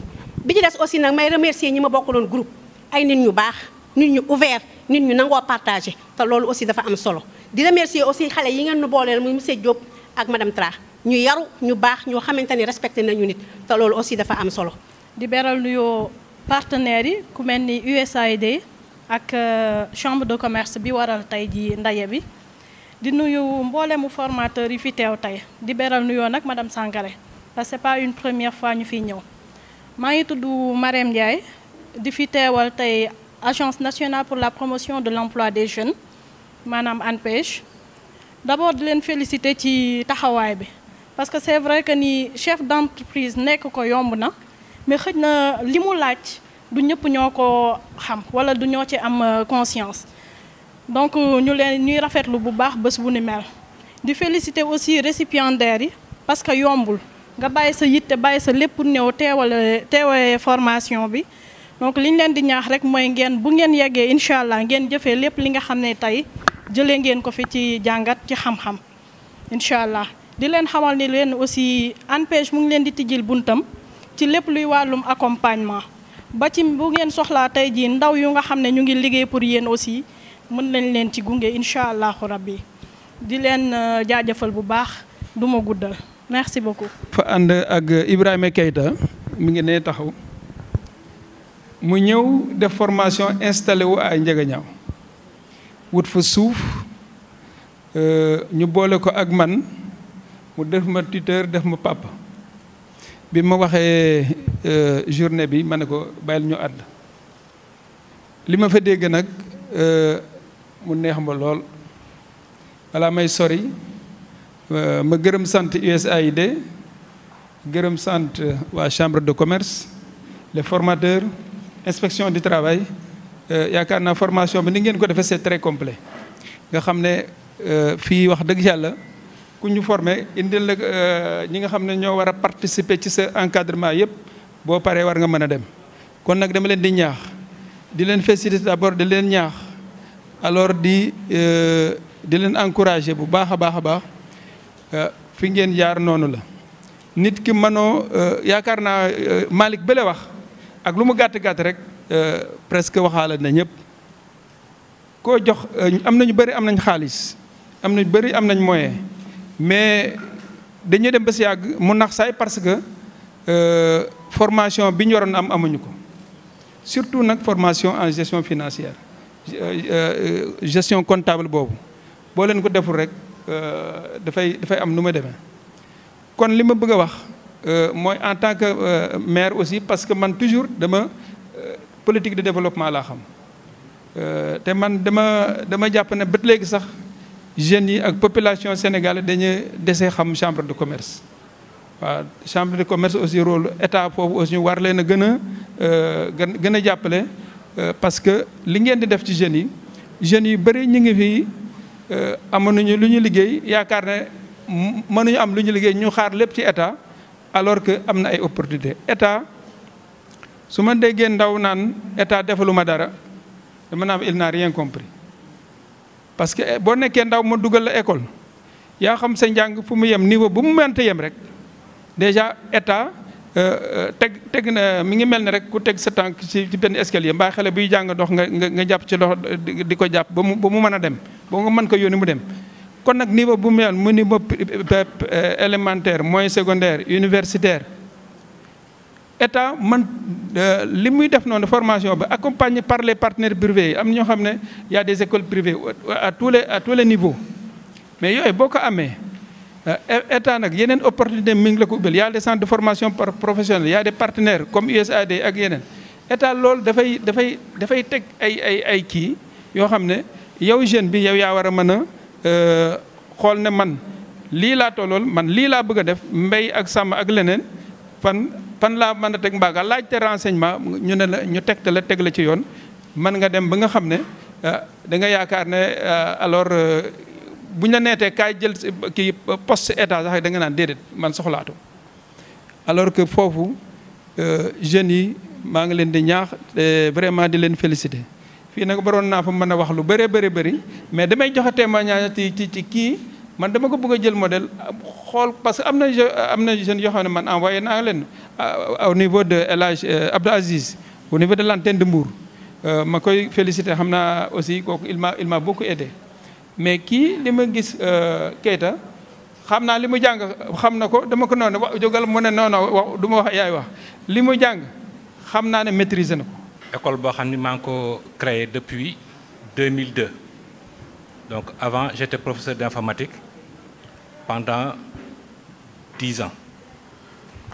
bi ci des aussi nag may remercier ñi ma bokkaloon groupe ay nit ñu baax nit ñu ouvert nit ñu nangoo partagé te loolu aussi dafa am solo di remercier aussi xale yi ngeen nu booleel muy monsieur Diop ak madame Tra ñu yaru ñu baax ñoo xamante ni respecté nañu nit te loolu aussi dafa am solo. di beral nuyoo partenaires yi ku mel ni USAID ak euh, chambre de commerce bi waral tey ji ndaje bi di nuyu mboolemu formateur yi fi teew tey di beral nuyoo nag madame Sangaré parce que c'est pas une première fois ñu fiy ñëw maa ngi tudd Marème Ndiaye di fi teewal tey agence nationale pour la promotion de l'emploi des jeunes. maanaam ANPEJ d'abord di leen féliciter ci taxawaay bi parce que c'est vrai que nii chef d'entreprise nekk ko yomb na mais xëj na li mu laaj du ñëpp ñoo ko xam wala du ñoo ci am euh, conscience donc euh, ñu leen ñuy rafetlu bu baax bés bu ni mel di féliciter aussi récipiendaires yi parce que yombul nga bàyyi sa yitte bàyyi sa lépp néew teewale teewee formation bi donc li ñu leen di ñaax rek mooy ngeen bu ngeen yeggee incha allah ngeen jëfee lépp li nga xam ne tey jëlee ngeen ko fi ci jàngat ci xam-xam incha allah di leen xamal ni leen aussi ANPEJ mu ngi leen di tijjil buntam ci lépp luy wàllum accompagnement ba ci bu ngeen soxlaa tey jii ndaw yu nga xam ne ñu ngi liggéey pour yéen aussi mën nañ leen ci gunge incha rab rabbi di leen euh, jaajëfal bu baax du ma guddal merci beaucoup. fa ànd ak Ibrahima Keita mi ngi ne taxaw mu ñëw def formation installé wu ay wut fa suuf euh, ñu boole ko ak man mu def ma tuteur def ma papa bi ma waxee euh, journée bi ma ne ko bàyyil ñu àdd li ma fa dégg nag euh, mu neex ma lool balaa may sori ma gërëm sant USAID gërëm sant waa chambre de commerce les formateurs inspection du travail Euh, yaakaar naa formation bi ni ngeen ko defee c'est très complet nga xam ne euh, fii wax dëgg yàlla ku ñu formé indil la euh, ñi nga xam ne ñoo war a participer ci sa encadrement yëpp boo paree war nga mën a dem kon nag dama leen di ñaax di leen féliciter abor di leen ñaax alors di di leen encourager bu baax a baax a baax fi ngeen jaar noonu la nit ki mënoo yaakaar naa Malick bële wax ak lu mu gàtt gàtt rek Euh, presque waxaale na ñëpp koo jox euh, am nañu bëri am nañ xaalis am nañu bëri am nañ moyen mais dañuy dem ba si yàgg mu nax saay parce que euh, formation bi ñu waroon am amuñu ko surtout nag formation en gestion financière gestion comptable boobu boo leen ko deful rek dafay dafay am nu ma demee kon li ma bëgg a wax mooy en tant que maire aussi parce que man toujours dama politique de développement laa xam euh, te man dama dama jàpp ne ba léegi sax jeunes yi ak population sénégalaise dañu desee xam chambre de commerce waaw chambre de commerce aussi rôle état foofu aussi war leen a gën a euh, gën gën a jàppale euh, parce que li ngeen di def ci jeunes yi jeunes yu bëri ñu ngi fii amoon nañu lu ñu liggéey yaakaar ne mënuñu am lu ñu liggéey ñu xaar lépp ci état alors que am na ay opportunité état su ma déggee ndaw naan état defaluma dara dama naan il n'a parce que eh, boo nekkee ndaw ma dugal la école yaa xam sa njàng fu mu yem niveau bu mu mënta yem rek déjà état euh, euh, teg teg na mi ngi mel ni rek ku teg sa tànk ci benn escalier mbaa xale buy jàng dox nga nga jàpp ci loxo di ko jàpp ba mu ba mu mën a dem ba nga mën ko yónni mu dem. kon nag niveau bu mu mel mu niveau élémentaire moyen secondaire universitaire. état man euh, li muy def noonu formation bi accompagné par les partenaires privés yi am ñoo xam ne a des écoles privées à les à les niveaux mais yooyu boo ko amee euh, état nag yeneen opportunité mi ngi la ko ubbil y a des centres de formation par professionnel y a des partenaires comme USAID ak yeneen état loolu dafay dafay dafay teg ay ay ay kii yoo xam ne yow jeune bi yow yaa war a mën a euh, xool ne man lii laa tollool man lii laa bëgg a def mbay ak sàmm ak leneen fan fan laa mën a teg mbaaga laajte renseignement ñu ne la ñu tegte la teg la ci yoon man nga dem ba nga xam ne ah, da nga yaakaar ne ah, alors euh, bu ñu la neetee kaay jël kii poste état sax da nga naan déedéet man soxlaatu alors que foofu euh, jeunes yi maa ngi leen di ñaax vraiment di leen féliciter fii nag baroon naa fa mën a wax lu bëree bëri bëri mais damay joxe témoignage ci ci kii man dama ko bëgg a jël modèle xool parce que am na am na jeunes yoo xam ne man envoyé naa leen euh, euh, au niveau de El Hadj euh, Abdou Aziz au niveau de l'antenne de Mbour ma koy féliciter xam naa aussi kooku il m'a il m'a mais kii li ma gis Keita xam naa li mu jàng xam na ko dama ko noonu wax jógal mu ne noonu wax du ma wax yaay wax li mu jàng xam naa ne maîtriser na ko. école boo xam ni maa ngi ko créé depuis 2002 donc avant j'étais professeur d'informatique. pendant dix ans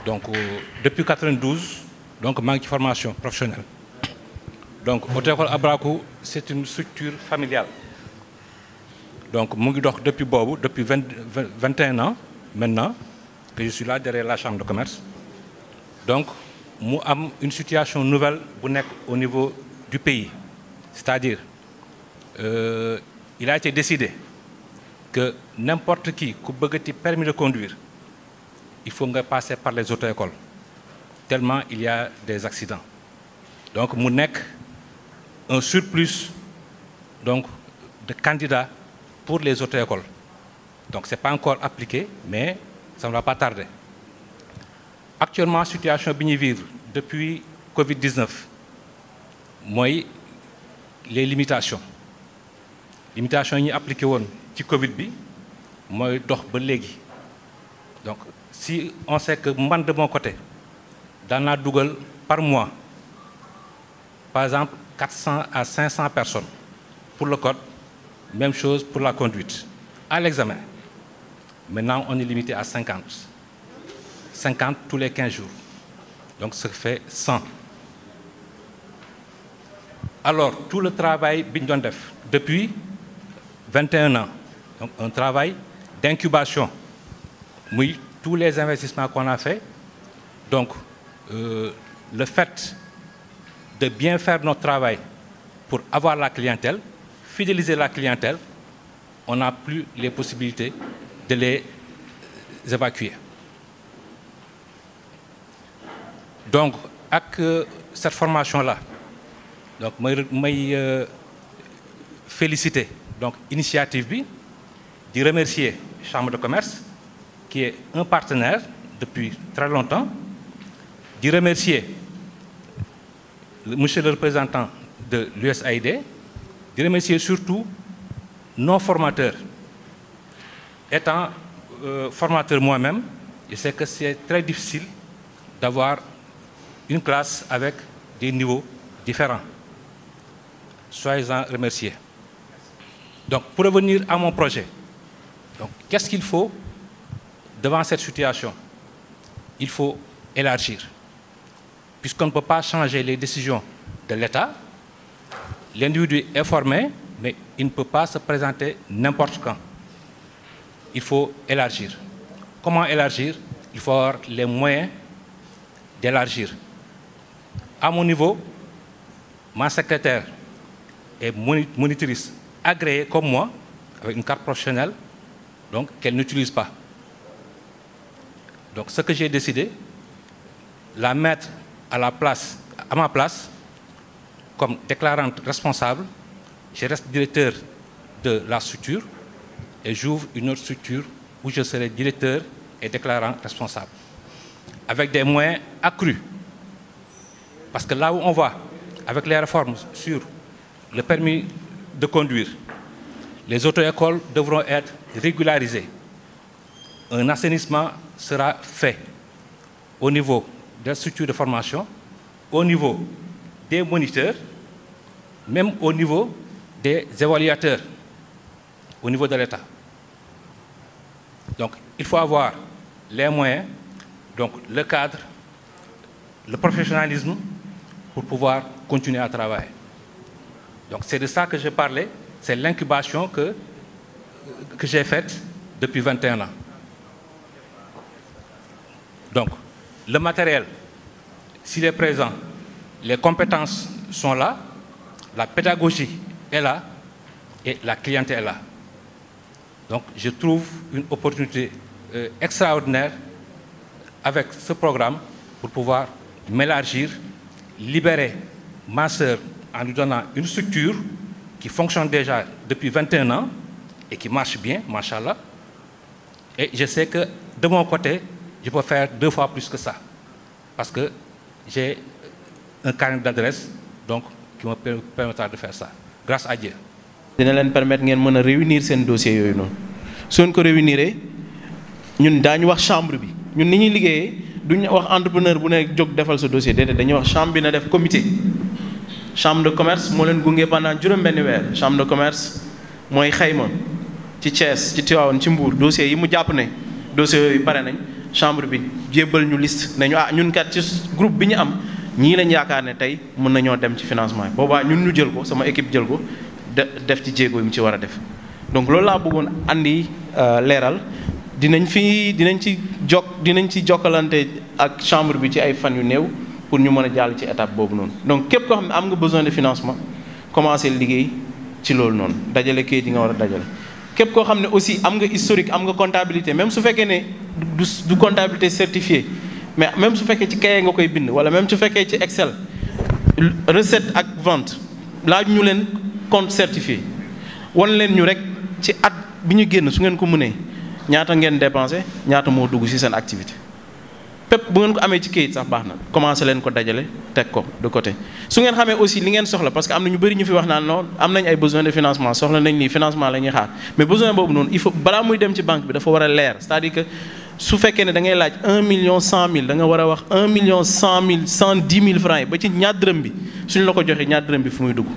donc euh, depuis 92 donc maa ngi ci formation professionnelle donc Hôtel-École Abraku c'est une structure familiale donc mu ngi dox depuis boobu depuis vingt vingt et un ans maintenant que je suis là derrière la chambre de commerce donc mu am une situation nouvelle bu nekk au niveau du pays c'est-à-dire euh, il a été décidé que n'importe qui ku bëggati permis de conduire il faut nga passer par les auto-écoles tellement il y a des accidents donc mu nekk un surplus donc de candidats pour les auto-écoles donc c'est pas encore appliqué mais ça ne va pas tarder actuellement situation bi ñuy vivre depuis Covid-19 mooy les limitations limitations yi ñu appliqué woon ci Covid bi mooy dox ba léegi donc si on sait que man de mon côté daan naa dugal par mois par exemple 400 à 500 personnes pour le code même chose pour la conduite à l'examen maintenant on est limité à cinquante cinquante tous les 15 jours donc ça fait cent alors tout le travail bi ñu doon def depuis 21 ans donc un travail d'incubation muy tous les investissements qu'on a fait donc euh, le fait de bien faire notre travail pour avoir la clientèle fidéliser la clientèle on n'a plus les possibilités de les évacuer donc ak euh, cette formation là donc may may euh, féliciter donc initiative bi di remercier Chambre de commerce qui est un partenaire depuis très longtemps di remercier monsieur le représentant de l'USAID di remercier surtout nos formateurs étant euh, formateur moi-même je sais que c'est très difficile d'avoir une classe avec des niveaux différents soyez-en remercier donc pour revenir à mon projet Donc, qu'est-ce qu'il faut devant cette situation Il faut élargir. Puisqu'on ne peut pas changer les décisions de l'État, l'individu est formé, mais il ne peut pas se présenter n'importe quand. Il faut élargir. Comment élargir Il faut avoir les moyens d'élargir. À mon niveau, ma secrétaire est monitrice agréée comme moi, avec une carte professionnelle, donc qu'elle n'utilise pas. Donc ce que j'ai décidé, la mettre à, la place, à ma place comme déclarante responsable, je reste directeur de la structure et j'ouvre une autre structure où je serai directeur et déclarant responsable, avec des moyens accrus. Parce que là où on va, avec les réformes sur le permis de conduire, les auto-écoles devront être régularisées. Un assainissement sera fait au niveau des structures de formation, au niveau des moniteurs, même au niveau des évaluateurs, au niveau de l'État. Donc, il faut avoir les moyens, donc le cadre, le professionnalisme pour pouvoir continuer à travailler. Donc, c'est de ça que je parlais. C'est l'incubation que, que j'ai faite depuis 21 ans. Donc, le matériel, s'il est présent, les compétences sont là, la pédagogie est là et la clientèle est là. Donc, je trouve une opportunité euh, extraordinaire avec ce programme pour pouvoir m'élargir, libérer ma sœur en lui donnant une structure qui fonctionne déjà depuis 21 ans et qui marche bien, allah Et je sais que de côté, je peux faire deux fois plus que ça. Parce que je un carnet d'adresse donc qui me permettra de faire ça. Grâce à Dieu. dina leen permettre ngeen mën a réunir seen dossier yooyu noonu soo ko réuniree ñun daañu wax chambre bi ñun ni ñuy liggéeyee duñu wax entrepreneur bu nekk jóg defal sa dossier déedéet dañuy wax chambre bi na def comité chambre de commerce moo leen gunge pendant juróom-benni weer chambre de commerce mooy xayma ci Thiès ci Tivaouane ci mbuur dossier yi mu jàpp ne dossier yooyu pare nañ chambre bi jébbal ñu liste nañu ah ñun kat ci groupe bi ñu am ñii lañ yaakaar ne tey mën nañoo dem ci financement yi boobaa ñun ñu jël ko sama équipe jël ko def ci jéego yi mu ci war a def donc loolu laa bëggoon andi euh, leeral dinañ fi dinañ ci jokk dinañ ci jokkalante ak chambre bi ci ay fan yu néew pour ñu mën a jàll ci étape boobu noonu donc képp koo xam ne am nga besoin de financement commencé liggéey ci loolu noonu dajale kayit yi nga war a dajale. képp koo xam ne aussi am nga historique am nga comptabilité même su fekkee ne du du comptabilité certifiée mais même su fekkee ci cahier nga koy bind wala même su fekkee ci Excel recette ak vente laaj ñu leen compte certifié wan leen ñu rek ci at bi ñu génn su ngeen ko munee ñaata ngeen dépensé ñaata moo dugg ci seen activité. pépp bu ngeen ko amee ci kayit sax baax na commencé leen ko dajale teg ko de côté su ngeen xamee aussi li ngeen soxla parce que am na ñu bëri ñu fi wax naan non am nañ ay besoin de financement soxla nañ nii financement la ñuy xaar mais besoin boobu noonu il faut balaa muy dem ci banque bi dafa war a leer c'est-à-dire que su fekkee ne dangay ngay laaj 1 million 100 mille da nga war a wax 1 million 100 mille 110 mille francs yi ba ci ñaar dërëm bi suñ la ko joxee ñaar dërëm bi fu muy dugg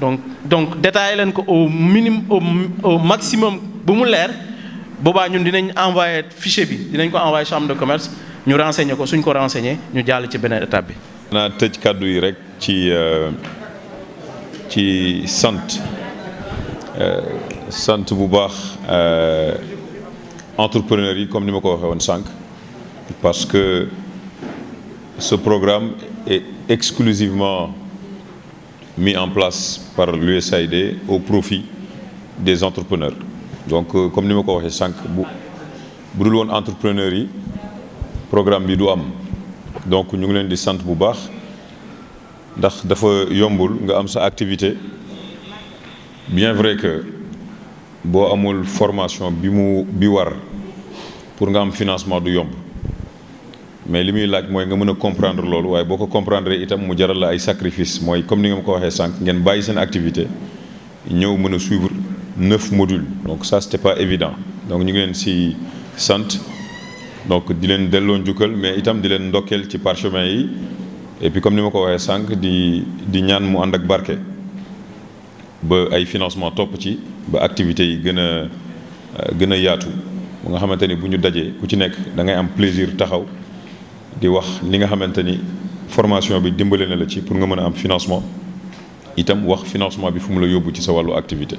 donc donc détaillé leen ko au minimum au maximum bu mu leer boobaa ñun dinañ envoyé fichier bi dinañ ko envoyé chambre de commerce ñu renseigner ko suñ ko renseigner ñu jàll ci beneen étape bi. naa tëj kàddu yi rek ci euh, ci sant euh, sant bu baax euh, entrepreneurs yi comme ni ma ko waxee woon sànq parce que ce programme est exclusivement mis en place par l'USAID au profit des entrepreneurs. donc euh, comme ni ma ko waxee sànq bu bu dul woon entrepreneur yi programme bi du am donc ñu ngi leen di sant bu baax ndax dafa yombul nga am sa activité bien vrai que boo amul formation bi mu bi war pour nga am financement du yomb mais li muy laaj mooy nga mën a comprendre loolu waaye boo ko comprendre itam mu jaral la ay sacrifice mooy comme ni nga ma ko waxee sànq ngeen bàyyi seen activité ñëw mën a suivre neuf modules donc ça c'était pas évident donc ñu ngi leen si sant donc di leen delloo njukkal mais itam di leen ndokkeel ci parchemin yi et comme ni ma ko waxee sànq di di ñaan mu ànd ak barke ba ay financement topp ci ba activités yi gën a euh, gën a yaatu mu nga xamante ni bu ñu dajee ku ci nekk da ngay am plaisir taxaw di wax li nga xamante ni formation bi dimbale na la ci pour nga mën a am financement itam wax financement bi fu mu la yóbbu ci sa wàllu activité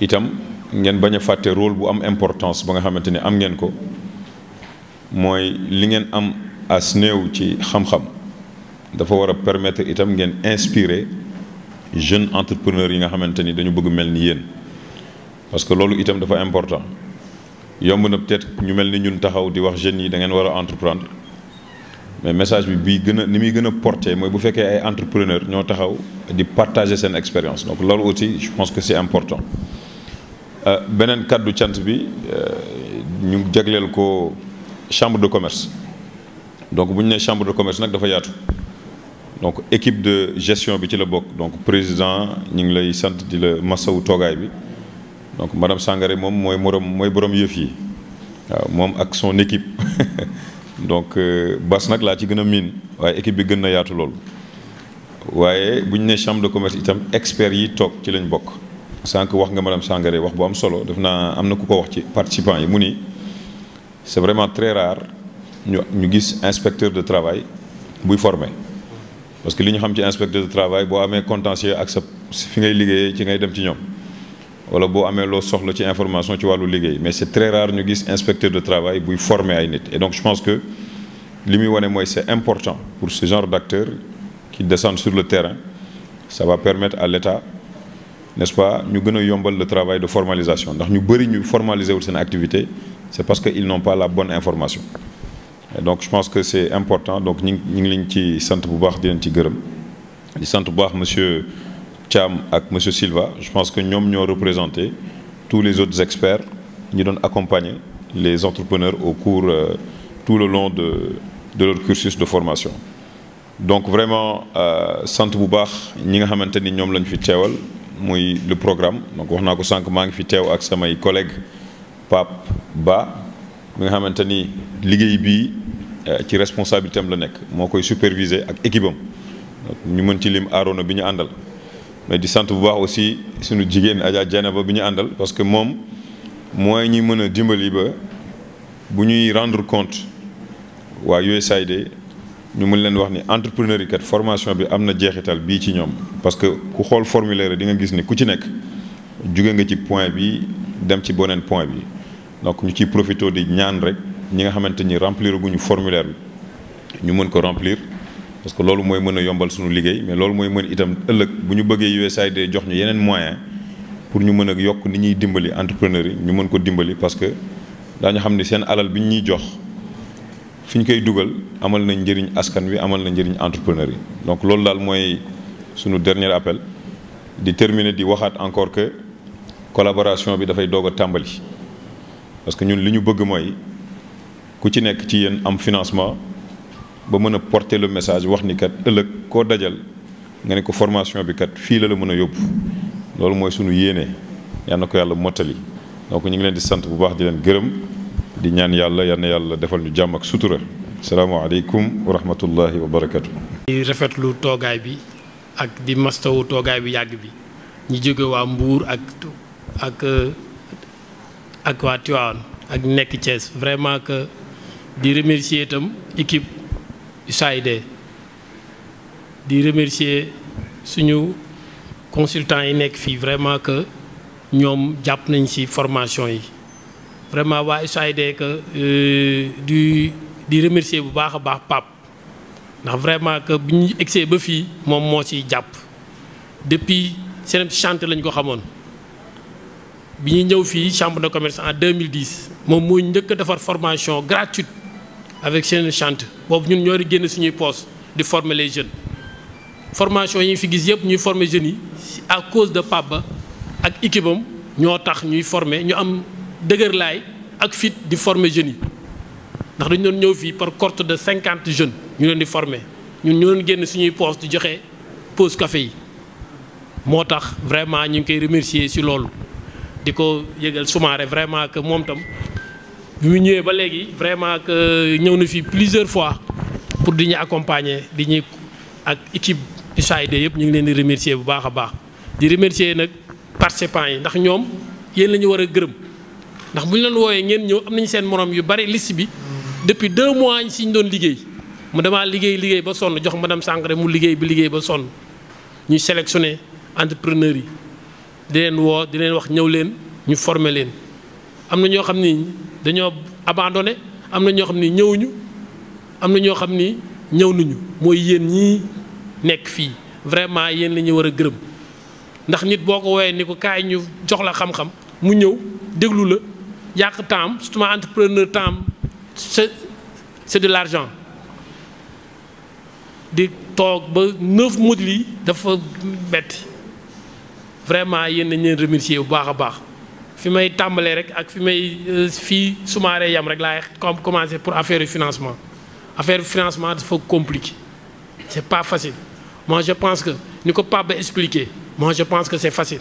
itam ngeen bañ a fàtte rôle bu am importance ba nga xamante ni am ngeen ko mooy li ngeen am as néew ci xam-xam dafa war a permettre itam ngeen inspirer jeune entrepreneur yi nga xamante ni dañu bëgg mel ni yéen parce que loolu itam dafa important yomb na peut-être ñu mel ni ñun taxaw di wax jeunes yi da ngeen war a entreprendre mais message bi bii gën a ni muy gën a porté mooy bu fekkee ay entrepreneur ñoo taxaw di partager seen expérience donc loolu aussi je pense que c'est important Euh, beneen kàddu cant bi euh, ñu jagleel ko chambre de commerce donc bu ñu nee chambre de commerce nag dafa yaatu donc équipe de gestion bi ci la bokk donc président ñu ngi lay sant di la masawu toogaay bi donc madame Sangaré moom mooy morom mooy borom yëf yi waaw moom ak son équipe <laughs> donc euh, bas nag laa ci gën a miin waaye équipe bi gën na yaatu loolu waaye bu ñu nee chambre de commerce itam experts yi toog ci lañ bokk. sànq wax nga ma madame Sangaré wax bu am solo def naa am na ku ko wax ci participants yi mu nii c'est vraiment très rare ñu ñu gis inspecteur de travail buy formé parce que li ñu xam ci inspecteur de travail boo amee contentieux ak sa fi ngay liggéeyee ci ngay dem ci ñoom wala boo amee loo soxla ci information ci wàllu liggéey mais c'est très rare ñu gis inspecteur de travail buy formé ay nit et donc je pense que li muy wane mooy c'est important pour ce genre d'acteurs qui descendent sur le terrain ça va permettre à l'État n'est-ce pas ñu gën a yombal le travail de formalisation ndax ñu bëri ñu formaliser wu seen activité c'est parce que ils n'ont pas la bonne information et donc je pense que c'est important donc ñu ngi ñu ngi leen ci sant bu baax di ci gërëm di sant bu baax monsieur Thiam ak monsieur Silva je pense que ñoom ñoo représenté tous les autres experts ñu doon accompagner les entrepreneurs au cours euh, tout le long de de leur cursus de formation donc vraiment euh, sant bu baax ñi nga xamante ni ñoom lañ fi teewal mooy le programme donc wax naa ko sànq maa ngi fi teew ak samay collègues Pape Ba mi nga xamante ni liggéey bi eh, ci responsabilité am la nekk moo koy superviser ak équipe ñu mën ci lim Arona bi ñu àndal. mais di sant bu baax aussi suñu jigéen Adja ba bi ñu àndal parce que moom mooy ñi mën a dimbali ba bu ñuy rendre compte waa USAID. ñu mën leen wax ni entrepreneur yi kat formation bi am na jeexital bii ci ñoom parce que ku xool formulaire di nga gis ni ku ci nekk jóge nga ci point bi dem ci beneen point bi donc ñu ciy profité di ñaan rek ñi nga xamante ni remplir guñu formulaire bi ñu mën ko remplir parce que loolu mooy mën a yombal suñu liggéey mais loolu mooy mën itam ëllëg bu ñu bëggee USAID jox ñu yeneen moyen pour ñu mën ak yokk ni ñuy dimbali entrepreneur yi ñu mën ko dimbali parce que daañu xam ni seen alal bi ñuy jox fi ñu koy dugal amal na njëriñ askan wi amal na njëriñ entrepreneur yi donc loolu daal mooy sunu dernier appel di terminer di waxaat encore que collaboration bi dafay doog a tàmbali parce que ñun li ñu bëgg mooy ku ci nekk ci yéen am financement ba mën a porter le message wax ni kat ëllëg koo dajal nga ne ko formation bi kat fii la la mën a yóbbu loolu mooy sunu yéene yal na ko yàlla mottali donc ñu ngi leen di sant bu baax di leen gërëm. di ñaan yàlla yal na yàlla defal ñu jàmm ak sutura. salaamaaleykum wa rahmatullahi wa barakatu. di rafetlu toogaay bi ak di mastawu toogaay bi yàgg bi ñu jóge waa Mbour ak ak ak waa Tivaouane ak nekk Thiès vraiment que di remercier itam équipe USAID di remercier suñu consultants yi nekk fii vraiment que ñoom jàpp nañ ci formation yi. vraiment waa USAID que euh, di di remercier bu baax a baax Pape ndax vraiment que bi ñu egsee ba fii moom moo ci jàpp depuis seen chante lañ ko xamoon bi ñuy ñëw fii chambre de commerce en 2010 moom mooy njëkk defar formation gratuite avec seen chante boobu ñun ñoo di génn suñuy poste di former les jeunes formation yi ñu fi gis yëpp ñuy former jeunes yi à cause de Pape Ba ak équipe ñoo tax ñuy former ñu am. dëgër laay ak fit di former jeunes yi ndax dañu doon ñëw fii par cohorte de cinquante jeunes ñu leen di former ñun ñu doon génn suñuy poos di joxe pause café yi moo tax vraiment ñu ngi koy remercier ci loolu di ko yëgal Soumaré vraiment que moom tam bi mu ñëwee ba léegi vraiment que ñëw na fii plusieurs fois pour di ñu accompagner di ñuy ak équipe USAID yëpp ñu ngi leen di remercier bu baax a baax di remercier nag participants yi ndax ñoom yéen la ñu war a gërëm ndax bu ñu leen wooyee ngeen ñëw am nañu seen moroom yu bari liste bi depuis deux mois si ñu doon liggéey mu damaa liggéey liggéey ba sonn jox ma madame Sangaré mu liggéey bi liggéey ba sonn ñu sélectionné entrepreneur yi di woo di leen wax ñëw leen ñu former leen am na ñoo xam ni dañoo abandonné am na ñoo xam ni ñëwuñu am na ñoo xam ni ñëw nañu mooy yéen ñii nekk fii vraiment yéen la ñu war a gërëm ndax nit boo ko woowee ni ko kaay ñu jox la xam-xam mu ñëw déglu la yàq temps surtout entrepreneur temps c'est c'est de l'argent di toog ba neuf modules yi dafa metti vraiment yéen nañ leen remercier bu baax a baax fi may tàmbalee rek ak fi may euh, fii sumaaree yam rek laay commencer pour affaire financement affaire financement dafa compliqué c'est pas facile moi je pense que ñu ko Pape ba expliquer moi je pense que c'est facile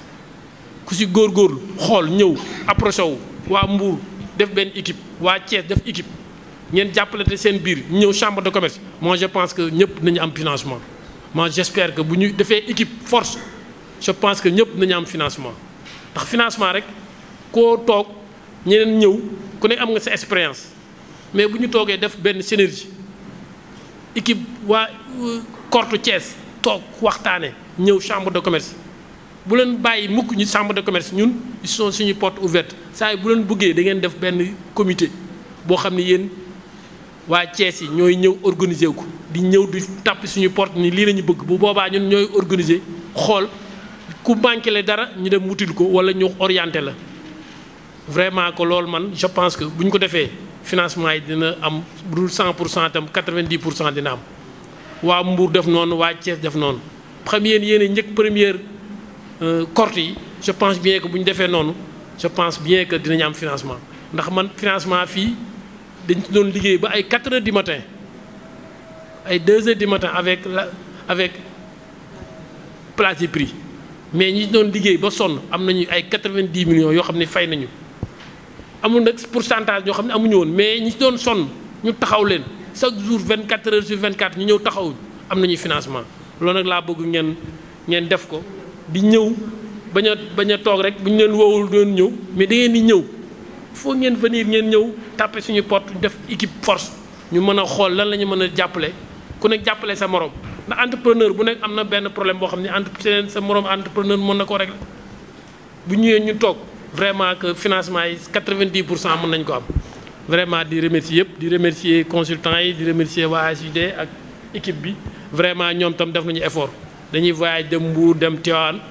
ku si góor góorlu xool ñëw approché wu waa Mbour def benn équipe waa Thiès def équipe ngeen jàppalante seen biir ñëw chambre de commerce moi je pense que ñëpp nañu am financement moi j' espère que bu ñu defee équipe force je pense que ñëpp nañu am financement ndax financement rek koo toog ñeneen ñëw ku ne am nga sa expérience mais bu ñu toogee def benn synergie équipe waa Kortu euh, Thiès toog waxtaane ñëw chambre de commerce bu leen bàyyi mukk ñu chambre de commerce ñun ils sont suñu porte ouverte saa yi bu leen bëggee da def benn comité boo xam ne yéen waa cees yi ñooy ñëw organiser ko di ñëw du tàpp suñu porte ni lii la bëgg bu boobaa ñun ñooy organiser xool ku manqué le dara ñu dem wutil ko wala ñu orienté la vraiment ko loolu man je pense que bu ñu ko defee financement yi dina am bu dul 100 pour cent itam 90 pour cent dina am waa Mbour def noonu waa Thiès def noonu première yéen a njëkk première. Euh, corte yi je pense bien que bu ñu defee noonu je pense bien que dinañu am financement ndax man financement fii dañ ci doon liggéey ba ay 4 heures du matin ay 2 heures du matin avec la avec place yi prix mais ñi doon liggéey ba sonn am nañu ay 90 millions yoo xam ne fay nañu amul nag pourcentage ñoo xam ne amuñu woon mais ñi doon sonn ñu taxaw leen chaque jour vingt 24 heures sur 24 ñu ñëw taxawuñ am nañu financement loolu nag laa bëgg ngeen ngeen def ko. di ñëw bañ a bañ a toog rek bu ñu leen woowul doon ñëw mais da ngeen di ñëw foo ngeen venir ngeen ñëw tàppe suñu porte def équipe force ñu mën a xool lan la ñu mën a jàppale ku nekk jàppale sa morom ndax entrepreneur bu nekk am na benn problème boo xam ne entre sa morom entrepreneur mën na ko rek bu ñëwee ñu toog vraiment que financement yi 90 pour cent mën nañ ko am vraiment di remercier yëpp di remercier consultant yi di remercier waa HUD ak équipe bi vraiment ñoom tam def nañu effort. dañuy voyage dem Mbour dem Tivaouane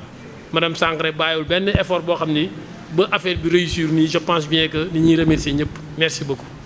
madame Sangaré bàyyiwul benn effort boo xam ni ba affaire bi réussir nii je pense bien que ni ñuy remercier ñëpp merci beaucoup